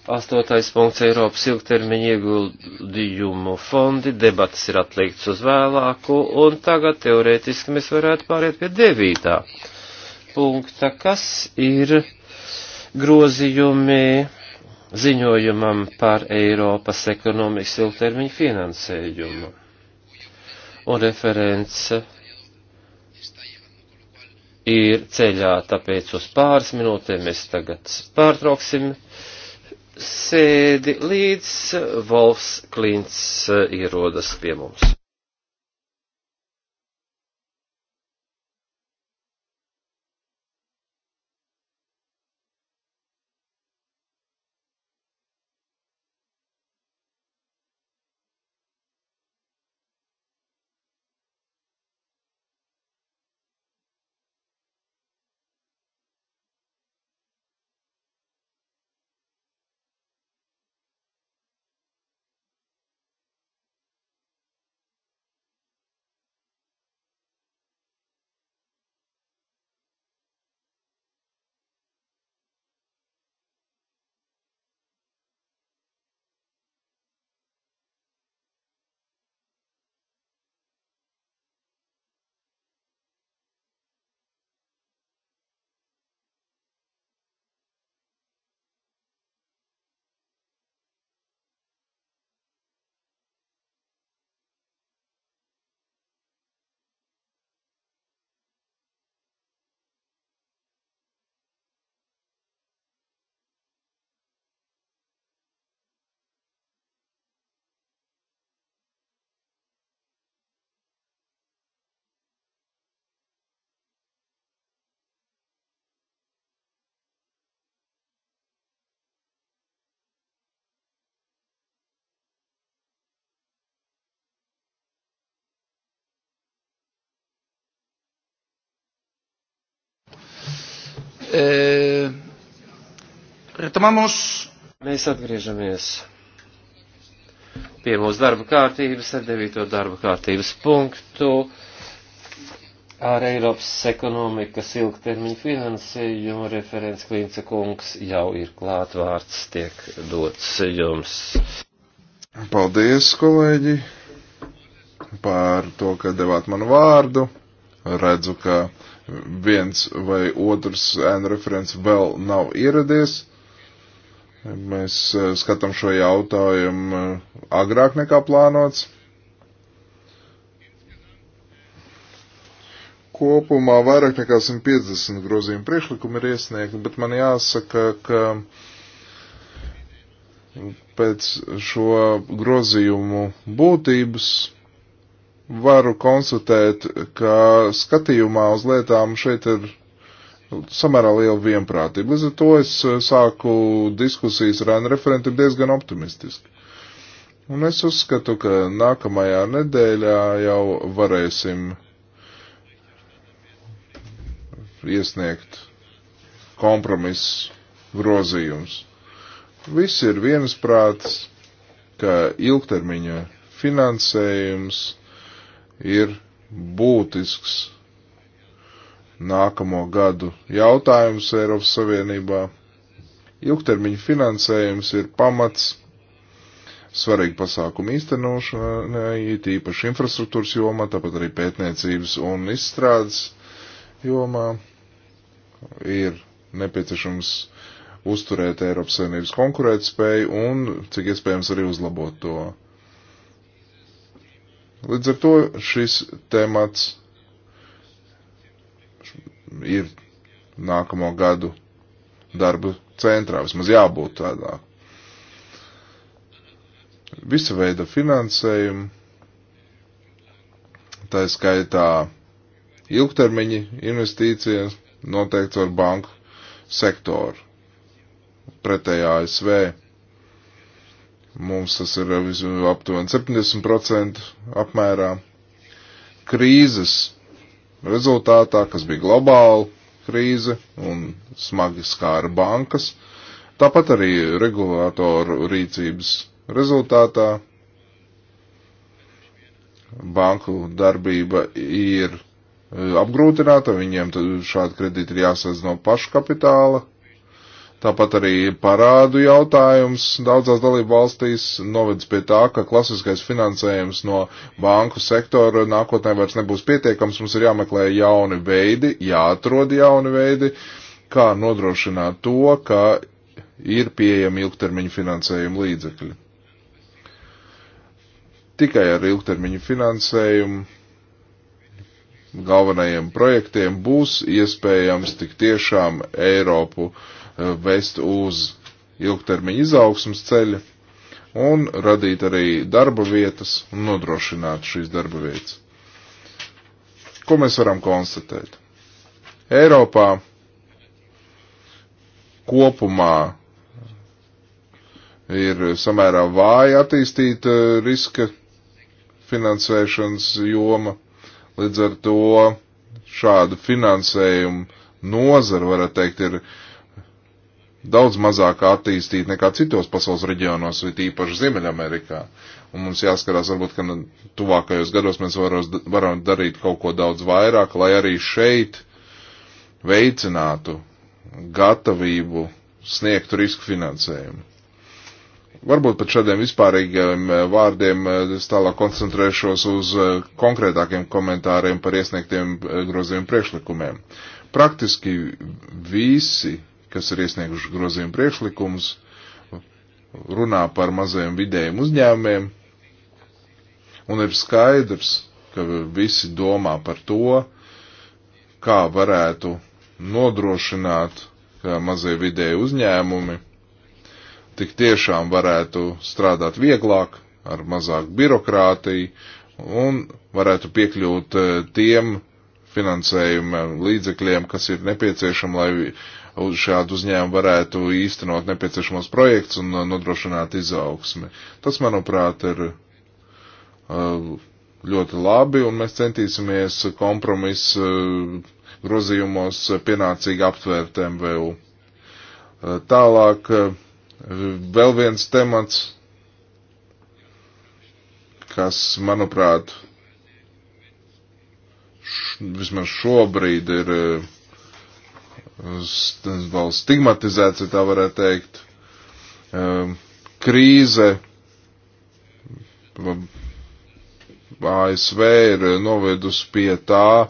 Astotais punkts Eiropas ilgtermiņa ieguldījumu fondi, debatas ir atlikts uz vēlāku, un tagad teorētiski mēs varētu pāriet pie devītā punkta, kas ir grozījumi ziņojumam par Eiropas ekonomikas ilgtermiņa finansējumu. Un reference ir ceļā, tāpēc uz pāris minūtēm mēs tagad pārtrauksim sēdi, līdz Volfs Klints eh, ierodas pie mums. Tomamos. Mēs atgriežamies pie mūsu darba kārtības ar 9. darba kārtības punktu ar Eiropas ekonomikas ilgtermiņu finansējumu referents Klinca kungs jau ir klāt vārds tiek dots jums. Paldies, kolēģi, par to, ka devāt man vārdu. Redzu, ka viens vai otrs ēnu referents vēl nav ieradies. Mēs eh, skatām šo jautājumu eh, agrāk nekā plānots. Kopumā vairāk nekā 150 grozījumu priekšlikumu ir iesniegti, bet man jāsaka, ka pēc šo grozījumu būtības varu konstatēt, ka skatījumā uz lietām šeit ir samērā liela vienprātība. Līdz ar to es eh, sāku diskusijas ar ANU referentiem diezgan optimistiski. Un es uzskatu, ka nākamajā nedēļā jau varēsim iesniegt kompromisu grozījums. Viss ir viensprāts, ka ilgtermiņa finansējums ir būtisks nākamo gadu jautājums Eiropas Savienībā. Ilgtermiņa finansējums ir pamats svarīgi pasākumu īstenošanai, tīpaši infrastruktūras jomā, tāpat arī pētniecības un izstrādes jomā ir nepieciešams uzturēt Eiropas Savienības konkurētspēju un, cik iespējams, arī uzlabot to. Līdz ar to šis temats ir nākamo gadu darbu centrā, vismaz jābūt tādā. Visa veida finansējumu, tā skaitā ilgtermiņa investīcijas, noteikts ar banku sektoru. Pretējā ASV mums tas ir aptuveni 70% apmērā. Krīzes rezultātā, kas bija globāla krīze un smagi skāra bankas. Tāpat arī regulātoru rīcības rezultātā banku darbība ir e, apgrūtināta, viņiem šādi kredīti ir jāsaz no pašu kapitāla, Tāpat arī parādu jautājums daudzās dalību valstīs novedz pie tā, ka klasiskais finansējums no banku sektora nākotnē vairs nebūs pietiekams. Mums ir jāmeklē jauni veidi, jāatrod jauni veidi, kā nodrošināt to, ka ir pieejami ilgtermiņa finansējuma līdzekļi. Tikai ar ilgtermiņa finansējumu galvenajiem projektiem būs iespējams tik tiešām Eiropu uh, Eh, vest uz ilgtermiņa izaugsmas ceļa un radīt arī darba vietas un nodrošināt šīs darba vietas. Ko mēs varam konstatēt? Eiropā kopumā ir samērā vāja attīstīta riska finansēšanas joma, līdz ar to šādu finansējumu nozara, varētu teikt, ir uh, daudz mazāk attīstīti nekā citos pasaules reģionos, it īpaši Ziemeļamerikā. Un mums jāskatās, varbūt, ka nu, tuvākajos gados mēs varos, varam darīt kaut ko daudz vairāk, lai arī šeit veicinātu gatavību sniegt risku finansējumu. Varbūt pat šādiem vispārīgiem eh, vārdiem eh, es tālāk koncentrēšos uz eh, konkrētākiem komentāriem par iesniegtiem grozījumu priekšlikumiem. Praktiski visi kas ir iesnieguši grozījumu priekšlikumus, runā par mazajiem vidējiem uzņēmumiem, un ir skaidrs, ka visi domā par to, kā varētu nodrošināt, ka mazie vidēji uzņēmumi tik tiešām varētu strādāt vieglāk, ar mazāku birokrātiju un varētu piekļūt eh, tiem finansējuma līdzekļiem, kas ir nepieciešami, lai šādu uzņēmumu varētu īstenot nepieciešamos projekts un uh, nodrošināt izaugsmi. Tas, manuprāt, ir uh, ļoti labi, un mēs centīsimies kompromisu uh, grozījumos pienācīgi aptvērt MVU. Tālāk vēl viens temats, kas, manuprāt, š, vismaz šobrīd ir vēl stigmatizēts, ja tā varētu teikt, ehm, krīze ASV ir novedus pie tā,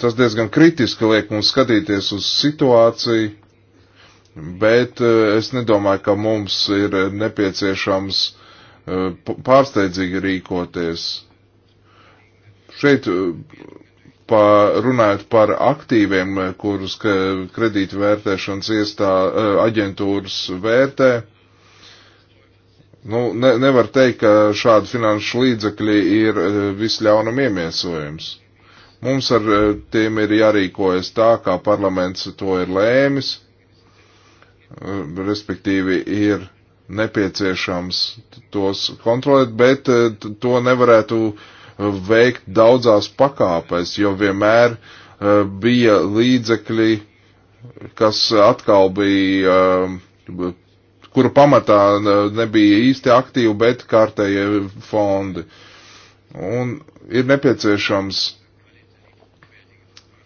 tas diezgan kritiski liek mums skatīties uz situāciju, bet e, es nedomāju, ka mums ir nepieciešams e, pārsteidzīgi rīkoties šeit eh, pa, runājot par aktīviem, eh, kurus kredītu vērtēšanas iestā eh, aģentūras vērtē, nu, ne, nevar teikt, ka šādi finanšu līdzekļi ir visļaunam iemiesojums. Mums ar tiem ir jārīkojas tā, kā parlaments to ir lēmis, respektīvi ir nepieciešams tos kontrolēt, bet to nevarētu uh, veikt daudzās pakāpēs, jo vienmēr eh, bija līdzekļi, kas atkal bija, eh, kura pamatā eh, nebija īsti aktīvi, bet kārtējie fondi. Un ir nepieciešams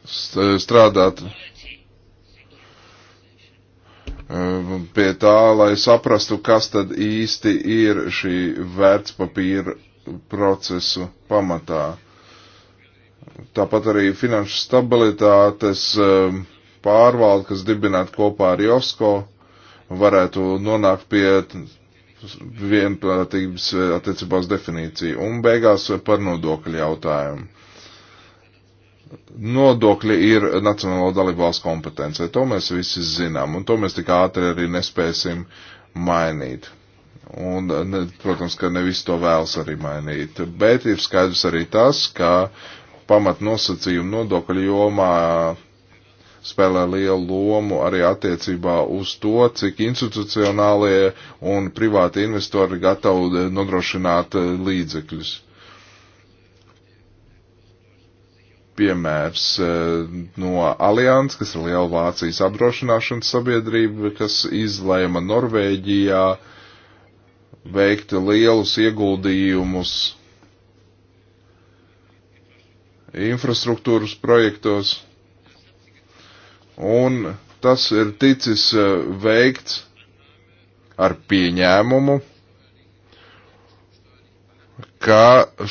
strādāt pie tā, lai saprastu, kas tad īsti ir šī vērtspapīra procesu pamatā. Tāpat arī finanšu stabilitātes eh, pārvalde, kas dibināta kopā ar Josko, varētu nonākt pie vienprātības eh, attiecībās definīciju. Un beigās par nodokļu jautājumu. Nodokļi ir nacionālo dalībvalsts kompetence, to mēs visi zinām, un to mēs tik ātri arī nespēsim mainīt. Un, ne, protams, ka nevis to vēlas arī mainīt. Bet ir skaidrs arī tas, ka pamat nosacījumu nodokļu jomā spēlē lielu lomu arī attiecībā uz to, cik institucionālie un privāti investori gatavi nodrošināt eh, līdzekļus. piemērs eh, no Allianz, kas ir liela Vācijas apdrošināšanas sabiedrība, kas izlēma Norvēģijā uh, veikt lielus ieguldījumus infrastruktūras projektos, un tas ir ticis e, veikts ar pieņēmumu, ka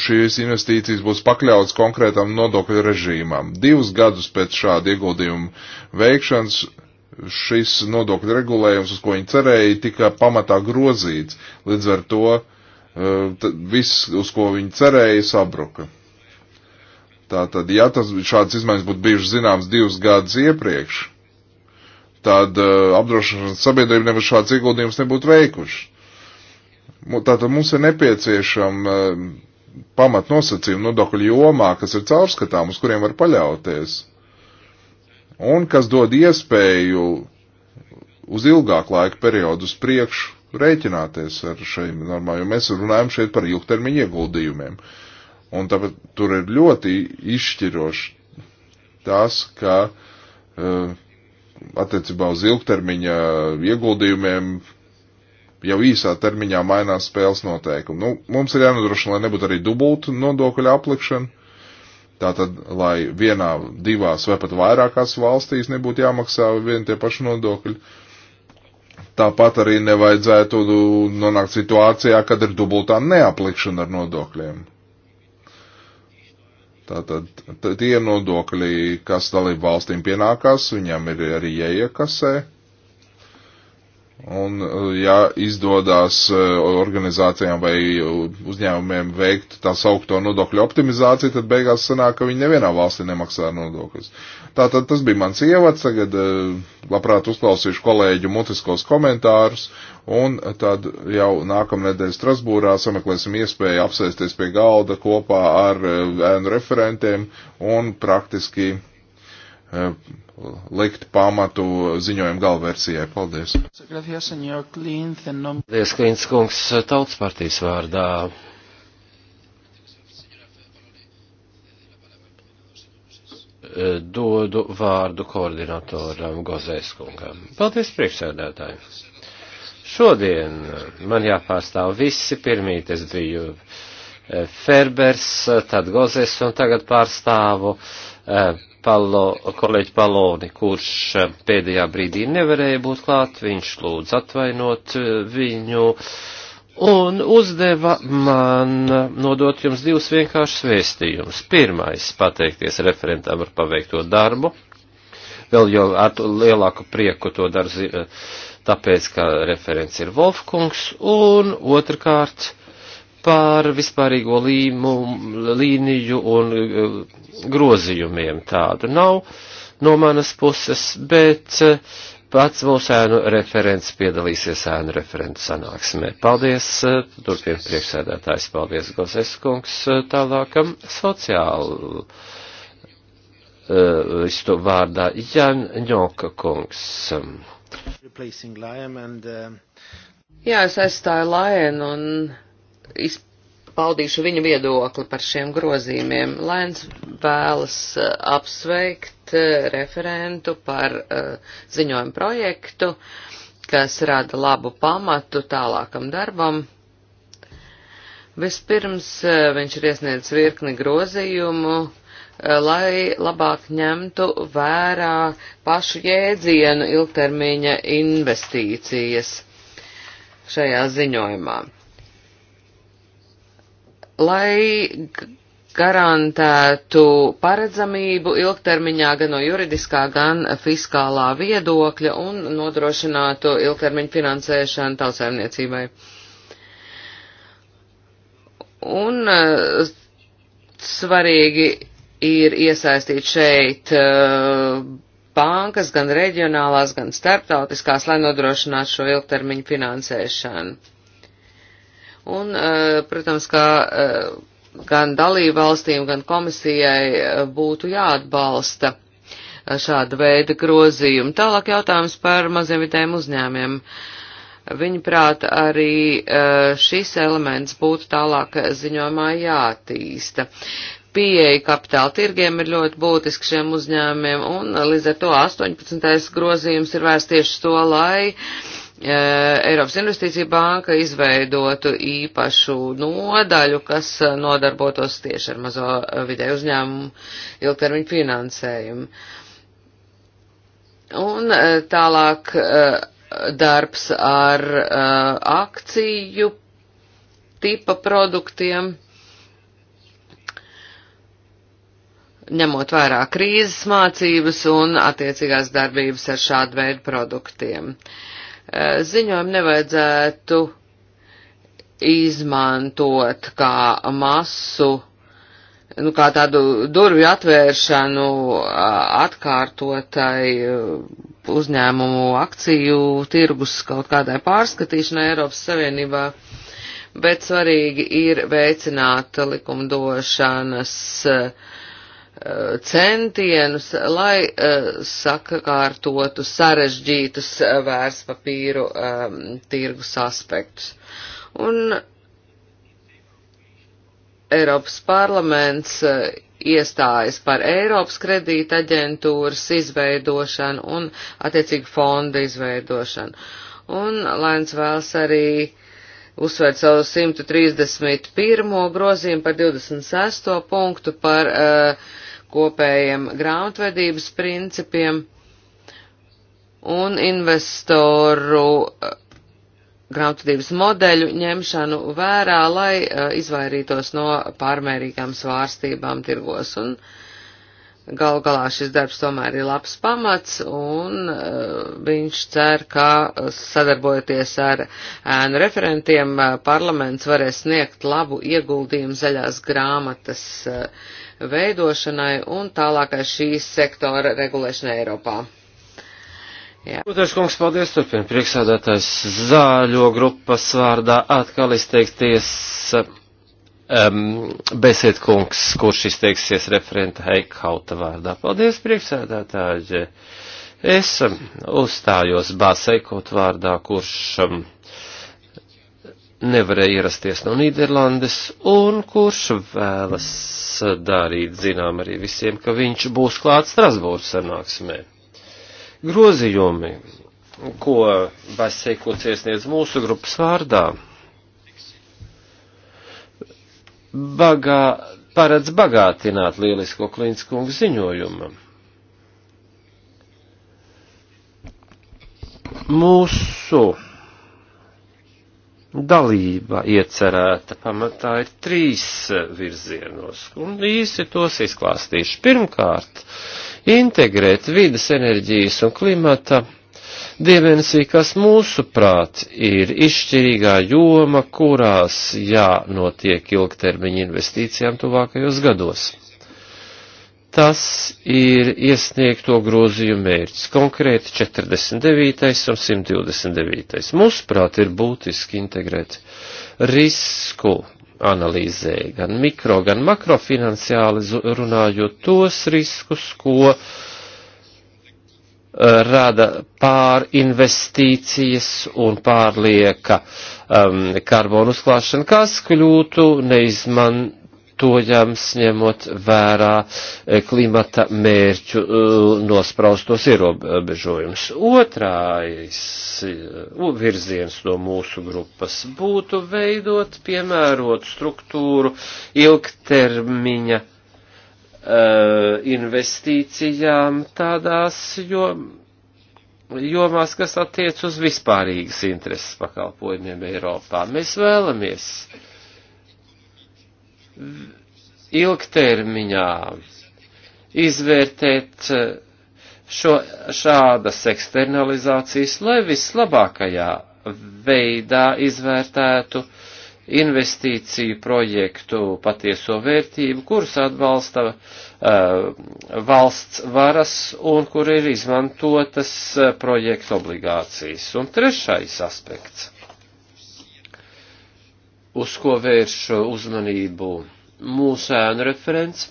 šīs investīcijas būs pakļautas konkrētam nodokļu režīmam. Divus gadus pēc šāda ieguldījuma veikšanas šis nodokļu regulējums, uz ko viņi cerēja, tika pamatā grozīts. Līdz ar to e, viss, uz ko viņi cerēja, sabruka. Tātad, ja tas šāds izmaiņas būtu bijušas zināmas divus gadus iepriekš, tad e, apdrošināšanas sabiedrība nemaz šāds ieguldījums nebūtu veikuši. Tātad mums ir nepieciešama e, pamatnosacījuma nodokļu jomā, kas ir caurskatām, uz kuriem var paļauties un kas dod iespēju uz ilgāku laiku periodu uz priekšu rēķināties ar šīm normām, jo mēs runājam šeit par ilgtermiņa ieguldījumiem. Un tāpēc tur ir ļoti izšķiroši tas, ka uh, attiecībā uz ilgtermiņa ieguldījumiem jau īsā termiņā mainās spēles noteikumi. Nu, mums ir jānodrošina, lai nebūtu arī dubultu nodokļu aplikšana. Tātad, lai vienā, divās vai pat vairākās valstīs nebūtu jāmaksā vien tie paši nodokļi. Tāpat arī nevajadzētu nu, nonākt situācijā, kad ir dubultā neaplikšana ar nodokļiem. Tātad tie nodokļi, kas dalību valstīm pienākās, viņam ir arī jāiekasē. Ja Un, eh, ja izdodas eh, organizācijām vai uzņēmumiem veikt tā saukto nodokļu optimizāciju, tad beigās sanāk, ka viņi nevienā valstī nemaksā nodokļus. Tātad tas bija mans ievads, tagad eh, labprāt uzklausīšu kolēģu mutiskos komentārus, un tad jau nākamnedēļ Strasbūrā sameklēsim iespēju apsēsties pie galda kopā ar ēnu referentiem un praktiski Eh, likt pamatu ziņojumu galversijai. Paldies. Paldies, Klīns kungs, eh, tautas partijas vārdā. Eh, dodu vārdu koordinatoram Gozēs kungam. Paldies, priekšsēdētāji. Šodien man jāpārstāv visi pirmīt, es biju Ferbers, tad Gozēs un tagad pārstāvu uh, Palo, kolēģi Paloni, kurš eh, pēdējā brīdī nevarēja būt klāt, viņš lūdz atvainot eh, viņu un uzdeva man nodot jums divus vienkāršus vēstījumus. Pirmais - pateikties referentam ar paveikto darbu. Vēl jau ar lielāku prieku to daru, eh, tāpēc, ka referents ir Volfkungs. Un otrkārt, par vispārīgo līmu, līniju un eh, grozījumiem tādu nav no manas puses, bet eh, pats mūsu ēnu referents piedalīsies ēnu referentu sanāksmē. Paldies, eh, turpiem priekšsēdētājs, paldies Gozeskungs, tālākam sociālu istu uh, vārdā Jan Ņoka kungs. Jā, es aizstāju Lajenu un izpaudīšu viņa viedokli par šiem grozījumiem. Lēns vēlas uh, apsveikt uh, referentu par uh, ziņojumu projektu, kas rada labu pamatu tālākam darbam. Vispirms viņš ir iesniedzis virkni grozījumu, lai labāk ņemtu vērā pašu jēdzienu ilgtermiņa investīcijas šajā ziņojumā lai garantētu paredzamību ilgtermiņā gan no juridiskā, gan fiskālā viedokļa un nodrošinātu ilgtermiņu finansēšanu tautsēmniecībai. Un eh, svarīgi ir iesaistīt šeit eh, bankas, gan reģionālās, gan starptautiskās, lai nodrošinātu šo ilgtermiņu finansēšanu. Un, eh, protams, kā eh, gan dalībvalstīm, gan komisijai eh, būtu jāatbalsta šāda veida grozījumi. Tālāk jautājums par maziem vidējiem uzņēmiem. Viņuprāt, arī šis elements būtu tālāk ziņojumā jātīsta. Pieeja kapitāla tirgiem ir ļoti būtiska šiem uzņēmumiem, un līdz ar to 18. grozījums ir vērsts tieši to, lai uh, E, Eiropas Investīcija banka izveidotu īpašu nodaļu, kas e, nodarbotos tieši ar mazo e, vidēju uzņēmumu ilgtermiņu finansējumu. Un tālāk darbs ar akciju tipa produktiem. ņemot vērā krīzes mācības un attiecīgās darbības ar šādu veidu produktiem. Uh, Eh, ziņojumu nevajadzētu izmantot kā masu, nu, kā tādu durvju atvēršanu eh, atkārtotai eh, uzņēmumu akciju tirgus kaut kādai pārskatīšanai Eiropas Savienībā, bet svarīgi ir veicināt likumdošanas uh, Eh, centienus, lai eh, sakārtotu sarežģītus eh, vērtspapīru um, tirgus aspektus. Un Eiropas parlaments iestājas par Eiropas kredīta aģentūras izveidošanu un attiecīgi fonda izveidošanu. Un Lēns vēlas arī uzsver savu 131. grozījumu par 26. punktu par uh, kopējiem grāmatvedības principiem un investoru eh, grāmatvedības modeļu ņemšanu vērā, lai eh, izvairītos no pārmērīgām svārstībām tirgos. Un, uh, Gal galā šis darbs tomēr ir labs pamats, un uh, viņš cer, ka eh, sadarbojoties ar ēnu referentiem, eh, parlaments varēs sniegt labu ieguldījumu zaļās grāmatas uh, veidošanai un tālākai šīs sektora regulēšanai Eiropā. Rūtēš kungs, paldies, turpina priekšsādātājs zāļo grupas vārdā atkal izteikties. Uh, um, Besiet kungs, kurš izteiksies referenta Heikauta vārdā. Paldies, priekšsēdētāji! Es um, uzstājos Bāseikot vārdā, kurš um, nevarēja ierasties no Nīderlandes un kurš vēlas darīt zinām arī visiem, ka viņš būs klāts Strasbūras sanāksmē. Grozījumi, ko Bāseikots iesniedz mūsu grupas vārdā, bagā, paredz bagātināt lielisko kliņskungu ziņojumu. Mūsu dalība iecerēta pamatā ir trīs virzienos, un īsi tos izklāstīšu. Pirmkārt, integrēt vidas enerģijas un klimata dimensija, kas mūsuprāt ir izšķirīgā joma, kurās jānotiek ilgtermiņa investīcijām tuvākajos gados. Tas ir iesniegto grozījumu mērķis, konkrēti 49. un 129. Mūsuprāt, ir būtiski integrēt risku analīzē, gan mikro, gan makrofinansiāli runājot tos riskus, ko uh, Eh, rada pārinvestīcijas un pārlieka um, karbonu uzklāšana, kas kļūtu neizmantojams ņemot vērā eh, klimata mērķu uh, nospraustos ierobežojumus. Otrais uh, virziens no mūsu grupas būtu veidot piemērotu struktūru ilgtermiņa Uh, investīcijām tādās jom, jomās, kas attiec uz vispārīgas intereses pakalpojumiem Eiropā. Mēs vēlamies ilgtermiņā izvērtēt uh, šo, šādas eksternalizācijas, lai vislabākajā veidā izvērtētu investīciju projektu patieso vērtību, kurus atbalsta uh, valsts varas un kur ir izmantotas uh, projektu obligācijas. Un trešais aspekts, uz ko vērš uzmanību mūsu ēnu referents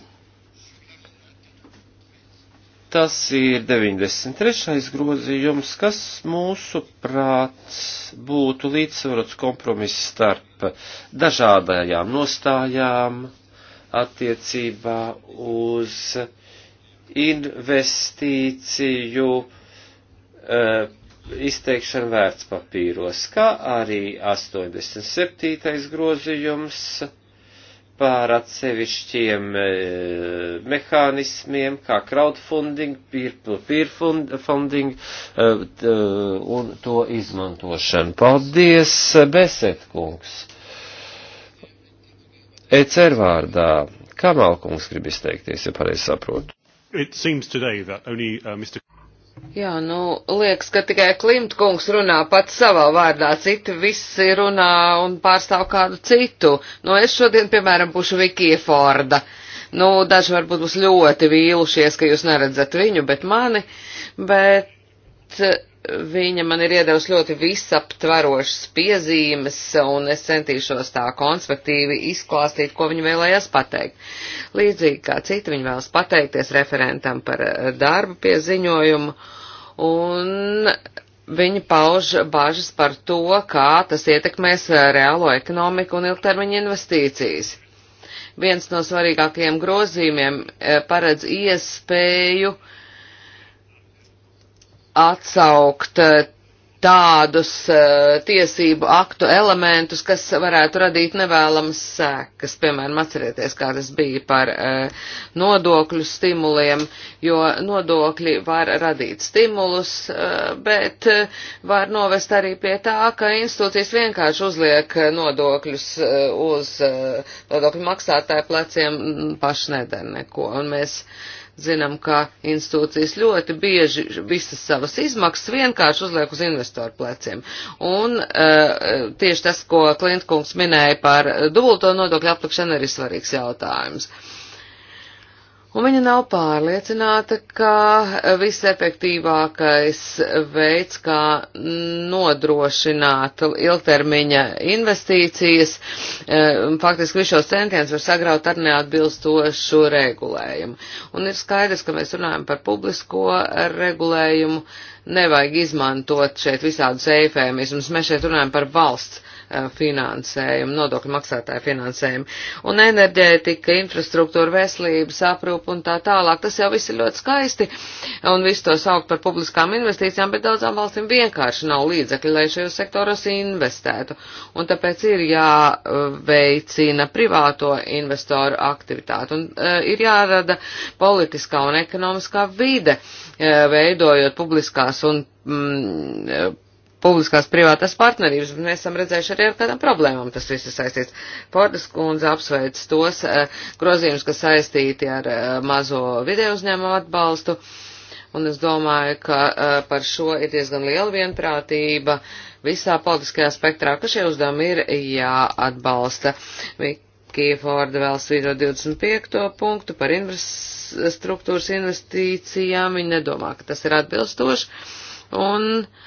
tas ir 93. grozījums, kas mūsu prāts būtu līdzsvarots kompromiss starp dažādajām nostājām attiecībā uz investīciju uh, izteikšanu vērtspapīros, kā arī 87. grozījums par atsevišķiem e, mehānismiem, kā crowdfunding, peer-to-peer -peer funding e, t, e, un to izmantošanu. Paldies, Beset kungs! ECR vārdā, Kamalkungs grib izteikties, ja pareizi saprotu. It seems today that only uh, Mr. Jā, nu, liekas, ka tikai Klimtkungs runā pats savā vārdā, citi visi runā un pārstāv kādu citu. Nu, es šodien, piemēram, būšu Vikija Forda. Nu, daži varbūt būs ļoti vīlušies, ka jūs neredzat viņu, bet mani, bet Viņa man ir iedavusi ļoti visaptverošas piezīmes, un es centīšos tā konspektīvi izklāstīt, ko viņa vēlējās pateikt. Līdzīgi kā citi, viņa vēlas pateikties referentam par eh, darbu pie ziņojumu, un viņa pauž bažas par to, kā tas ietekmēs eh, reālo ekonomiku un ilgtermiņa investīcijas. Viens no svarīgākajiem grozījumiem eh, paredz iespēju uh, atsaukt eh, tādus uh, tiesību aktu elementus, kas varētu radīt nevēlamas sekas. Piemēram, atcerieties, kā tas bija par uh, nodokļu stimuliem, jo nodokļi var radīt stimulus, uh, bet uh, var novest arī pie tā, ka institūcijas vienkārši uzliek nodokļus uh, uz uh, nodokļu maksātāju pleciem, mm, paši nedara neko. Un mēs uh, Zinām, ka institūcijas ļoti bieži visas savas izmaksas vienkārši uzliek uz investoru pleciem. Un uh, tieši tas, ko Klintkungs minēja par dubulto nodokļu aplikšanu, arī svarīgs jautājums. Uh, un viņa nav pārliecināta, ka visefektīvākais veids, kā nodrošināt ilgtermiņa investīcijas, e, faktiski visos šos centienus var sagraut ar neatbilstošu regulējumu. Un ir skaidrs, ka mēs runājam par publisko regulējumu, nevajag izmantot šeit visādus eifēmismus, mēs šeit runājam par valsts Eh, finansējumu, nodokļu maksātāju finansējumu. Un enerģētika, infrastruktūra, veselības aprūpa un tā tālāk, tas jau viss ir ļoti skaisti un visu to saukt par publiskām investīcijām, bet daudzām valstīm vienkārši nav līdzekļi, lai šajos sektoros investētu. Un tāpēc ir jāveicina privāto investoru aktivitāti un uh, ir jārada politiskā un ekonomiskā vide, uh, veidojot publiskās un mm, publiskās privātās partnerības, bet mēs esam redzējuši arī ar kādām problēmām tas viss ir saistīts. Fordas kundze apsveic tos eh, grozījumus, kas saistīti ar eh, mazo video uzņēmumu atbalstu, un es domāju, ka eh, par šo ir diezgan liela vienprātība visā politiskajā spektrā, ka šie uzdevumi ir jāatbalsta. Kija Forda vēl svīro 25. punktu par infrastruktūras investīcijām. Viņa nedomā, ka tas ir atbilstoši. Un uh,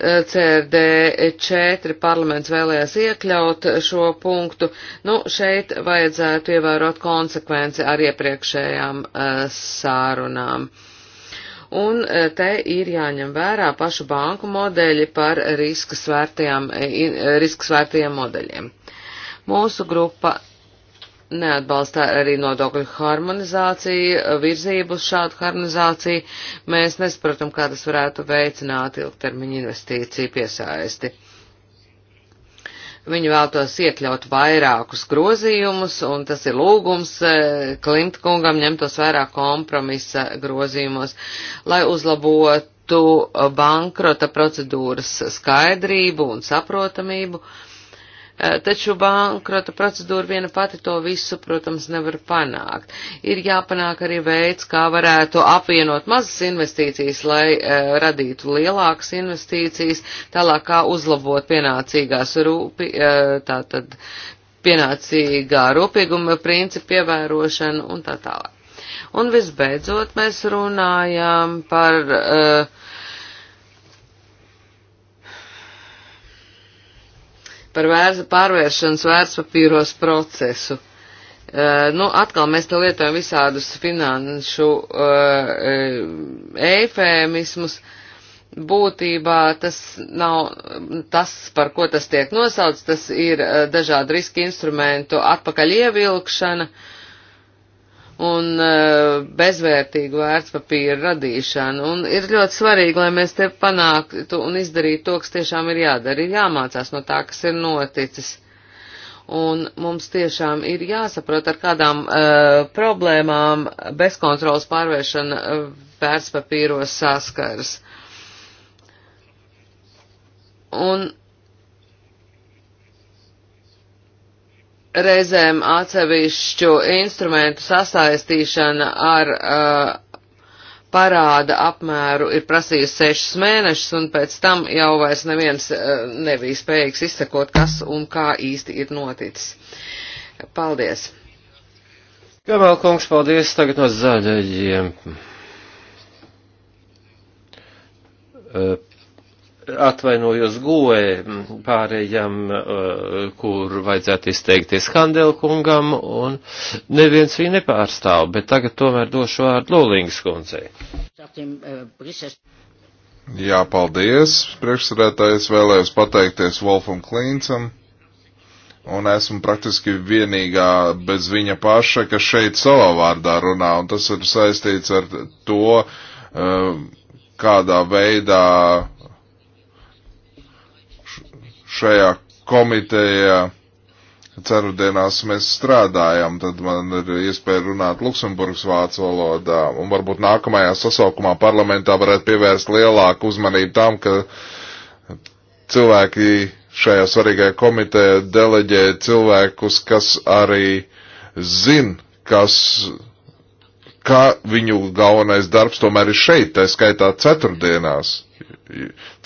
CRD4 parlaments vēlējās iekļaut šo punktu. Nu, šeit vajadzētu ievērot konsekvenci ar iepriekšējām uh, sārunām. Un uh, te ir jāņem vērā pašu banku modeļi par riska eh, svērtajiem modeļiem. Mūsu grupa neatbalsta arī nodokļu harmonizāciju, virzību uz šādu harmonizāciju. Mēs nesaprotam, kā tas varētu veicināt ilgtermiņa investīciju piesaisti. Viņi vēltos iekļaut vairākus grozījumus, un tas ir lūgums eh, Klimt kungam ņemtos vairāk kompromisa grozījumos, lai uzlabotu bankrota procedūras skaidrību un saprotamību. Uh, Eh, taču bankrota procedūra viena pati to visu, protams, nevar panākt. Ir jāpanāk arī veids, kā varētu apvienot mazas investīcijas, lai uh, radītu lielākas investīcijas, tālāk kā uzlabot pienācīgās rūpi, uh, tātad pienācīgā rūpīguma principu ievērošanu un tā tālāk. Un visbeidzot mēs runājām par uh, par vērza pārvēršanas vērtspapīros procesu. Uh, nu, atkal mēs te lietojam visādus finanšu uh, e, eifēmismus. Būtībā tas nav tas, par ko tas tiek nosaucts, tas ir uh, dažādu riski instrumentu atpakaļ ievilkšana. Uh, un eh, bezvērtīgu vērtspapīru radīšanu. Un ir ļoti svarīgi, lai mēs te panāktu un izdarītu to, kas tiešām ir jādara, ir jāmācās no tā, kas ir noticis. Un mums tiešām ir jāsaprot, ar kādām uh, problēmām bezkontrolas pārvēršana uh, vērtspapīros saskaras. Un reizēm atsevišķu instrumentu sasaistīšana ar uh, parāda apmēru ir prasījusi sešus mēnešus, un pēc tam jau vairs neviens uh, nebija spējīgs izsekot, kas un kā īsti ir noticis. Paldies! Kamal kungs, paldies tagad no zaļajiem. Uh, atvainojos goē pārējām, e, kur vajadzētu izteikties Handelkungam, un neviens viņu nepārstāv, bet tagad tomēr došu vārdu Lolīngas kundzei. Jā, paldies. Priekšsarētājs vēlējos pateikties Wolfam Klīncam, un esmu praktiski vienīgā bez viņa paša, kas šeit savā vārdā runā, un tas ir saistīts ar to, e, kādā veidā šajā komitejā ceru dienās mēs strādājam, tad man ir iespēja runāt Luksemburgas vācu valodā. Un varbūt nākamajā sasaukumā parlamentā varētu pievērst lielāku uzmanību tam, ka cilvēki šajā svarīgajā komitejā deleģē cilvēkus, kas arī zin, kas, ka viņu galvenais darbs tomēr ir šeit, tā skaitā ceturtdienās.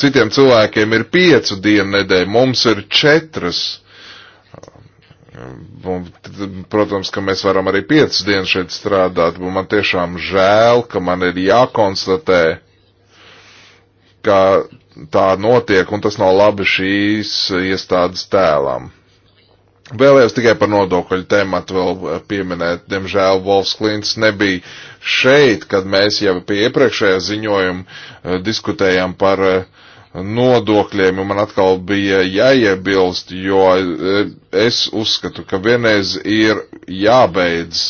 Citiem cilvēkiem ir piecu dienu nedēļa, mums ir četras. Un, protams, ka mēs varam arī piecas dienas šeit strādāt, un man tiešām žēl, ka man ir jākonstatē, ka tā notiek, un tas nav labi šīs iestādes tēlam. Vēlējos tikai par nodokļu tēmatu vēl eh, pieminēt. Diemžēl Volfs Klints nebija šeit, kad mēs jau pie iepriekšējā ziņojuma eh, diskutējām par eh, nodokļiem, un man atkal bija jāiebilst, jo es uzskatu, ka vienreiz ir jābeidz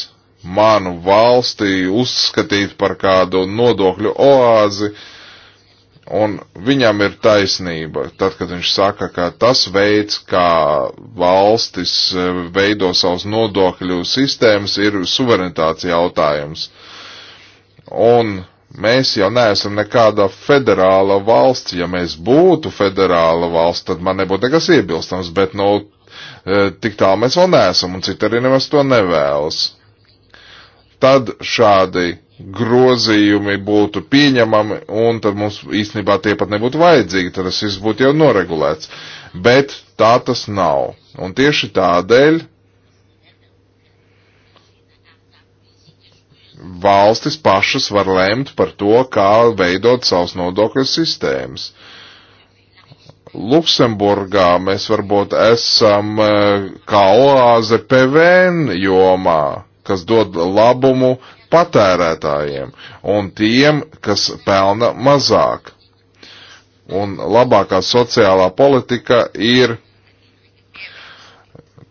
manu valsti uzskatīt par kādu nodokļu oāzi, uh, Un viņam ir taisnība, tad, kad viņš saka, ka tas veids, kā valstis e, veido savus nodokļu sistēmas, ir suverenitāts jautājums. Un mēs jau neesam nekāda federāla valsts. Ja mēs būtu federāla valsts, tad man nebūtu nekas iebilstams, bet nu, e, tik tālu mēs vēl neesam, un citi arī nemaz to nevēlas. Tad šādi grozījumi būtu pieņemami, un tad mums īstenībā tie pat nebūtu vajadzīgi, tad tas viss būtu jau noregulēts. Bet tā tas nav. Un tieši tādēļ valstis pašas var lemt par to, kā veidot savus nodokļu sistēmas. Luksemburgā mēs varbūt esam eh, kā oāze PVN jomā, kas dod labumu patērētājiem un tiem, kas pelna mazāk. Un labākā sociālā politika ir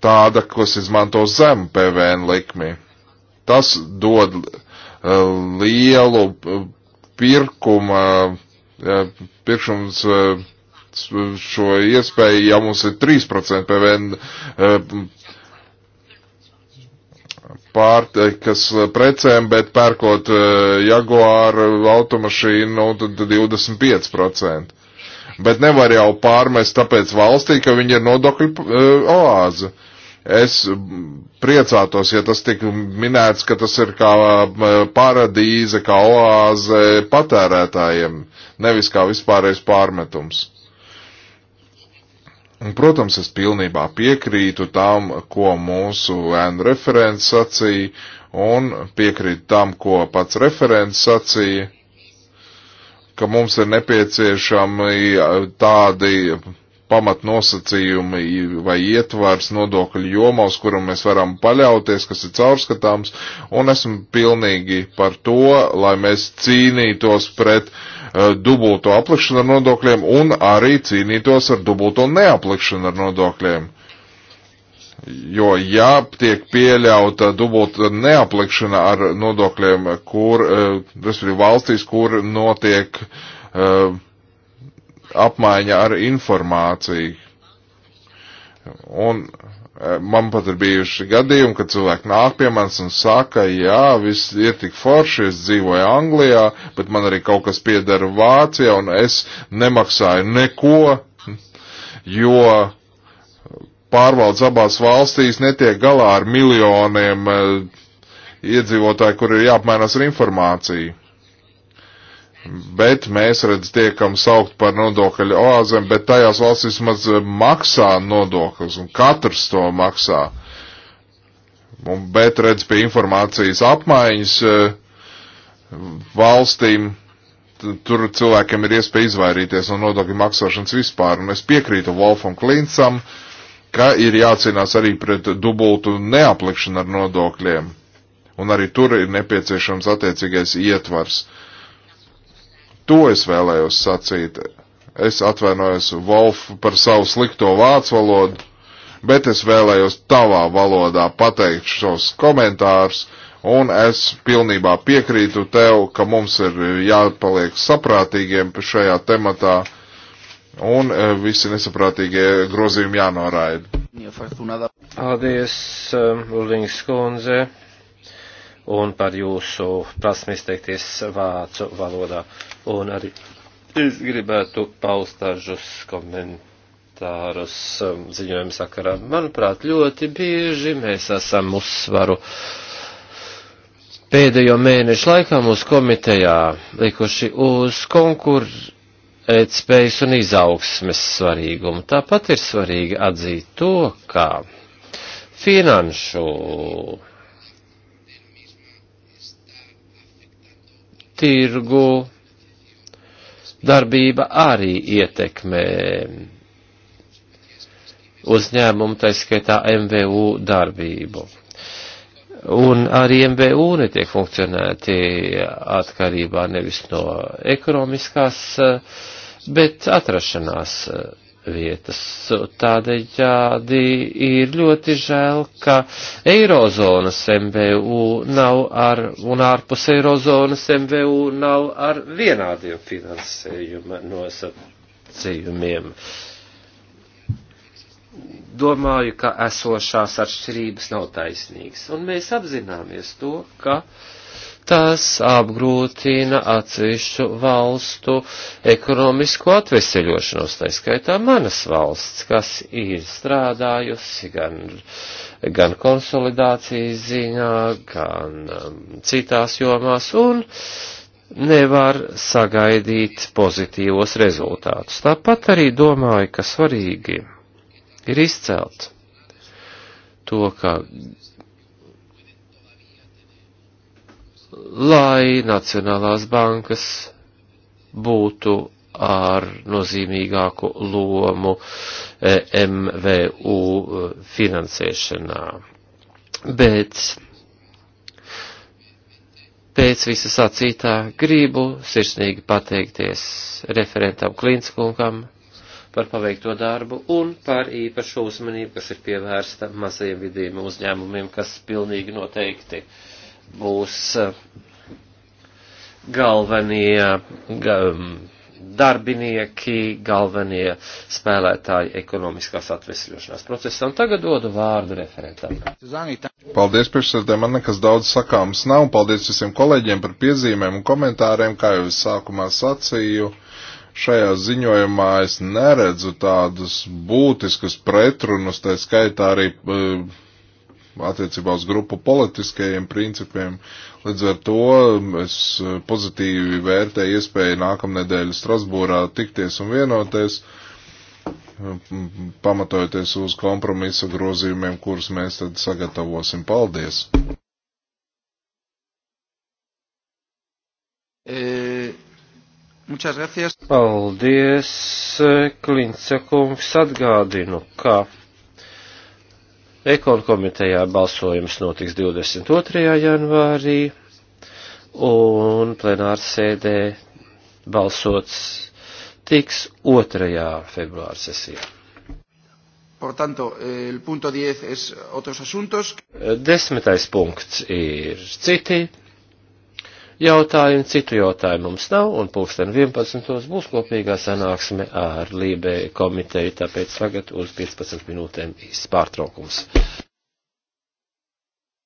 tāda, kas izmanto zemu PVN likmi. Tas dod uh, lielu eh, pirkuma, uh, eh, pirkšanas uh, šo iespēju, ja mums ir 3% PVN pārtikas eh, precēm, bet pērkot eh, Jaguāru automašīnu, nu, tad 25%. Bet nevar jau pārmest tāpēc valstī, ka viņi ir nodokļu eh, oāze. Es priecātos, ja tas tik minēts, ka tas ir kā paradīze, kā oāze patērētājiem, nevis kā vispārējais pārmetums. Un, protams, es pilnībā piekrītu tam, ko mūsu ēnu referents sacīja, un piekrītu tam, ko pats referents sacīja, ka mums ir nepieciešami tādi pamatnosacījumi vai ietvars nodokļu jomā, uz kuru mēs varam paļauties, kas ir caurskatāms, un esmu pilnīgi par to, lai mēs cīnītos pret uh, Eh, dubulto aplikšanu ar nodokļiem un arī cīnītos ar dubulto neaplikšanu ar nodokļiem. Jo, ja tiek pieļauta dubulta neaplikšana ar nodokļiem, kur, eh, respektīvi valstīs, kur notiek uh, apmaiņa ar informāciju, Un e, man pat ir bijuši gadījumi, kad cilvēki nāk pie manis un saka, jā, viss ir tik forši, es dzīvoju Anglijā, bet man arī kaut kas piedara Vācijā un es nemaksāju neko, jo pārvaldes abās valstīs netiek galā ar miljoniem e, iedzīvotāju, kur ir jāapmainās ar informāciju bet mēs redz tiekam saukt par nodokļu oāzēm, bet tajās valstīs maz maksā nodokļus, un katrs to maksā. Un, bet redz pie informācijas apmaiņas eh, valstīm, tur cilvēkiem ir iespēja izvairīties no nodokļu maksāšanas vispār, un es piekrītu Wolfam Klinsam, ka ir jācīnās arī pret dubultu neaplikšanu ar nodokļiem, un arī tur ir nepieciešams attiecīgais ietvars. Uh, To es vēlējos sacīt. Es atvainojos Wolf par savu slikto vācu valodu, bet es vēlējos tavā valodā pateikt šos komentārus, un es pilnībā piekrītu tev, ka mums ir jāpaliek saprātīgiem šajā tematā, un e, visi nesaprātīgie grozījumi jānoraida. Paldies, e, Uldings kundze un par jūsu prasmi izteikties vācu valodā. Un arī es gribētu paust dažus komentārus um, ziņojumu sakarā. Manuprāt, ļoti bieži mēs esam uzsvaru pēdējo mēnešu laikā mūsu komitejā likuši uz konkursu spējas un izaugsmes svarīgumu. Tāpat ir svarīgi atzīt to, ka finanšu tirgu darbība arī ietekmē uzņēmumu, taiskaitā MVU darbību. Un arī MBU netiek funkcionēti atkarībā nevis no ekonomiskās, bet atrašanās vietas. Tādējādi ir ļoti žēl, ka Eirozonas MVU nav ar, un ārpus Eirozonas MVU nav ar vienādiem finansējuma nosacījumiem. Uh, domāju, ka esošās atšķirības nav taisnīgas. Un mēs apzināmies to, ka tas apgrūtina atsevišķu valstu ekonomisko atveseļošanos, tā skaitā manas valsts, kas ir strādājusi gan, gan konsolidācijas ziņā, gan um, citās jomās un nevar sagaidīt pozitīvos rezultātus. Tāpat arī domāju, ka svarīgi ir izcelt to, ka lai Nacionālās bankas būtu ar nozīmīgāku lomu e, MVU e, finansēšanā. Bet pēc visa sacītā gribu sirsnīgi pateikties referentam Klinskungam par paveikto darbu un par īpašu uzmanību, kas ir pievērsta mazajiem vidiem uzņēmumiem, kas pilnīgi noteikti būs eh, galvenie darbinieki, galvenie spēlētāji ekonomiskās atvesļošanās procesā. Un tagad dodu vārdu referentam. Paldies, priekšsēdē, man nekas daudz sakāms nav. Paldies visiem kolēģiem par piezīmēm un komentāriem, kā jau es sākumā sacīju šajā ziņojumā es neredzu tādus būtiskus pretrunus, tā skaitā arī eh, attiecībā uz grupu politiskajiem principiem. Līdz ar to es eh, pozitīvi vērtēju iespēju nākamnedēļ Strasbūrā tikties un vienoties, pamatojoties uz kompromisa grozījumiem, kurus mēs tad sagatavosim. Paldies! E Muchas gracias. Paldies, Klinca kungs. Atgādinu, ka Ekonu komitejā balsojums notiks 22. janvārī un plenārs sēdē balsots tiks 2. februāra sesijā. Por tanto, el punto 10 es otros asuntos. Desmitais punkts ir citi jautājumu, citu jautājumu mums nav, un pulksten 11. būs kopīgā sanāksme ar Lībē komiteju, tāpēc tagad uz 15 minūtēm īsts pārtraukums.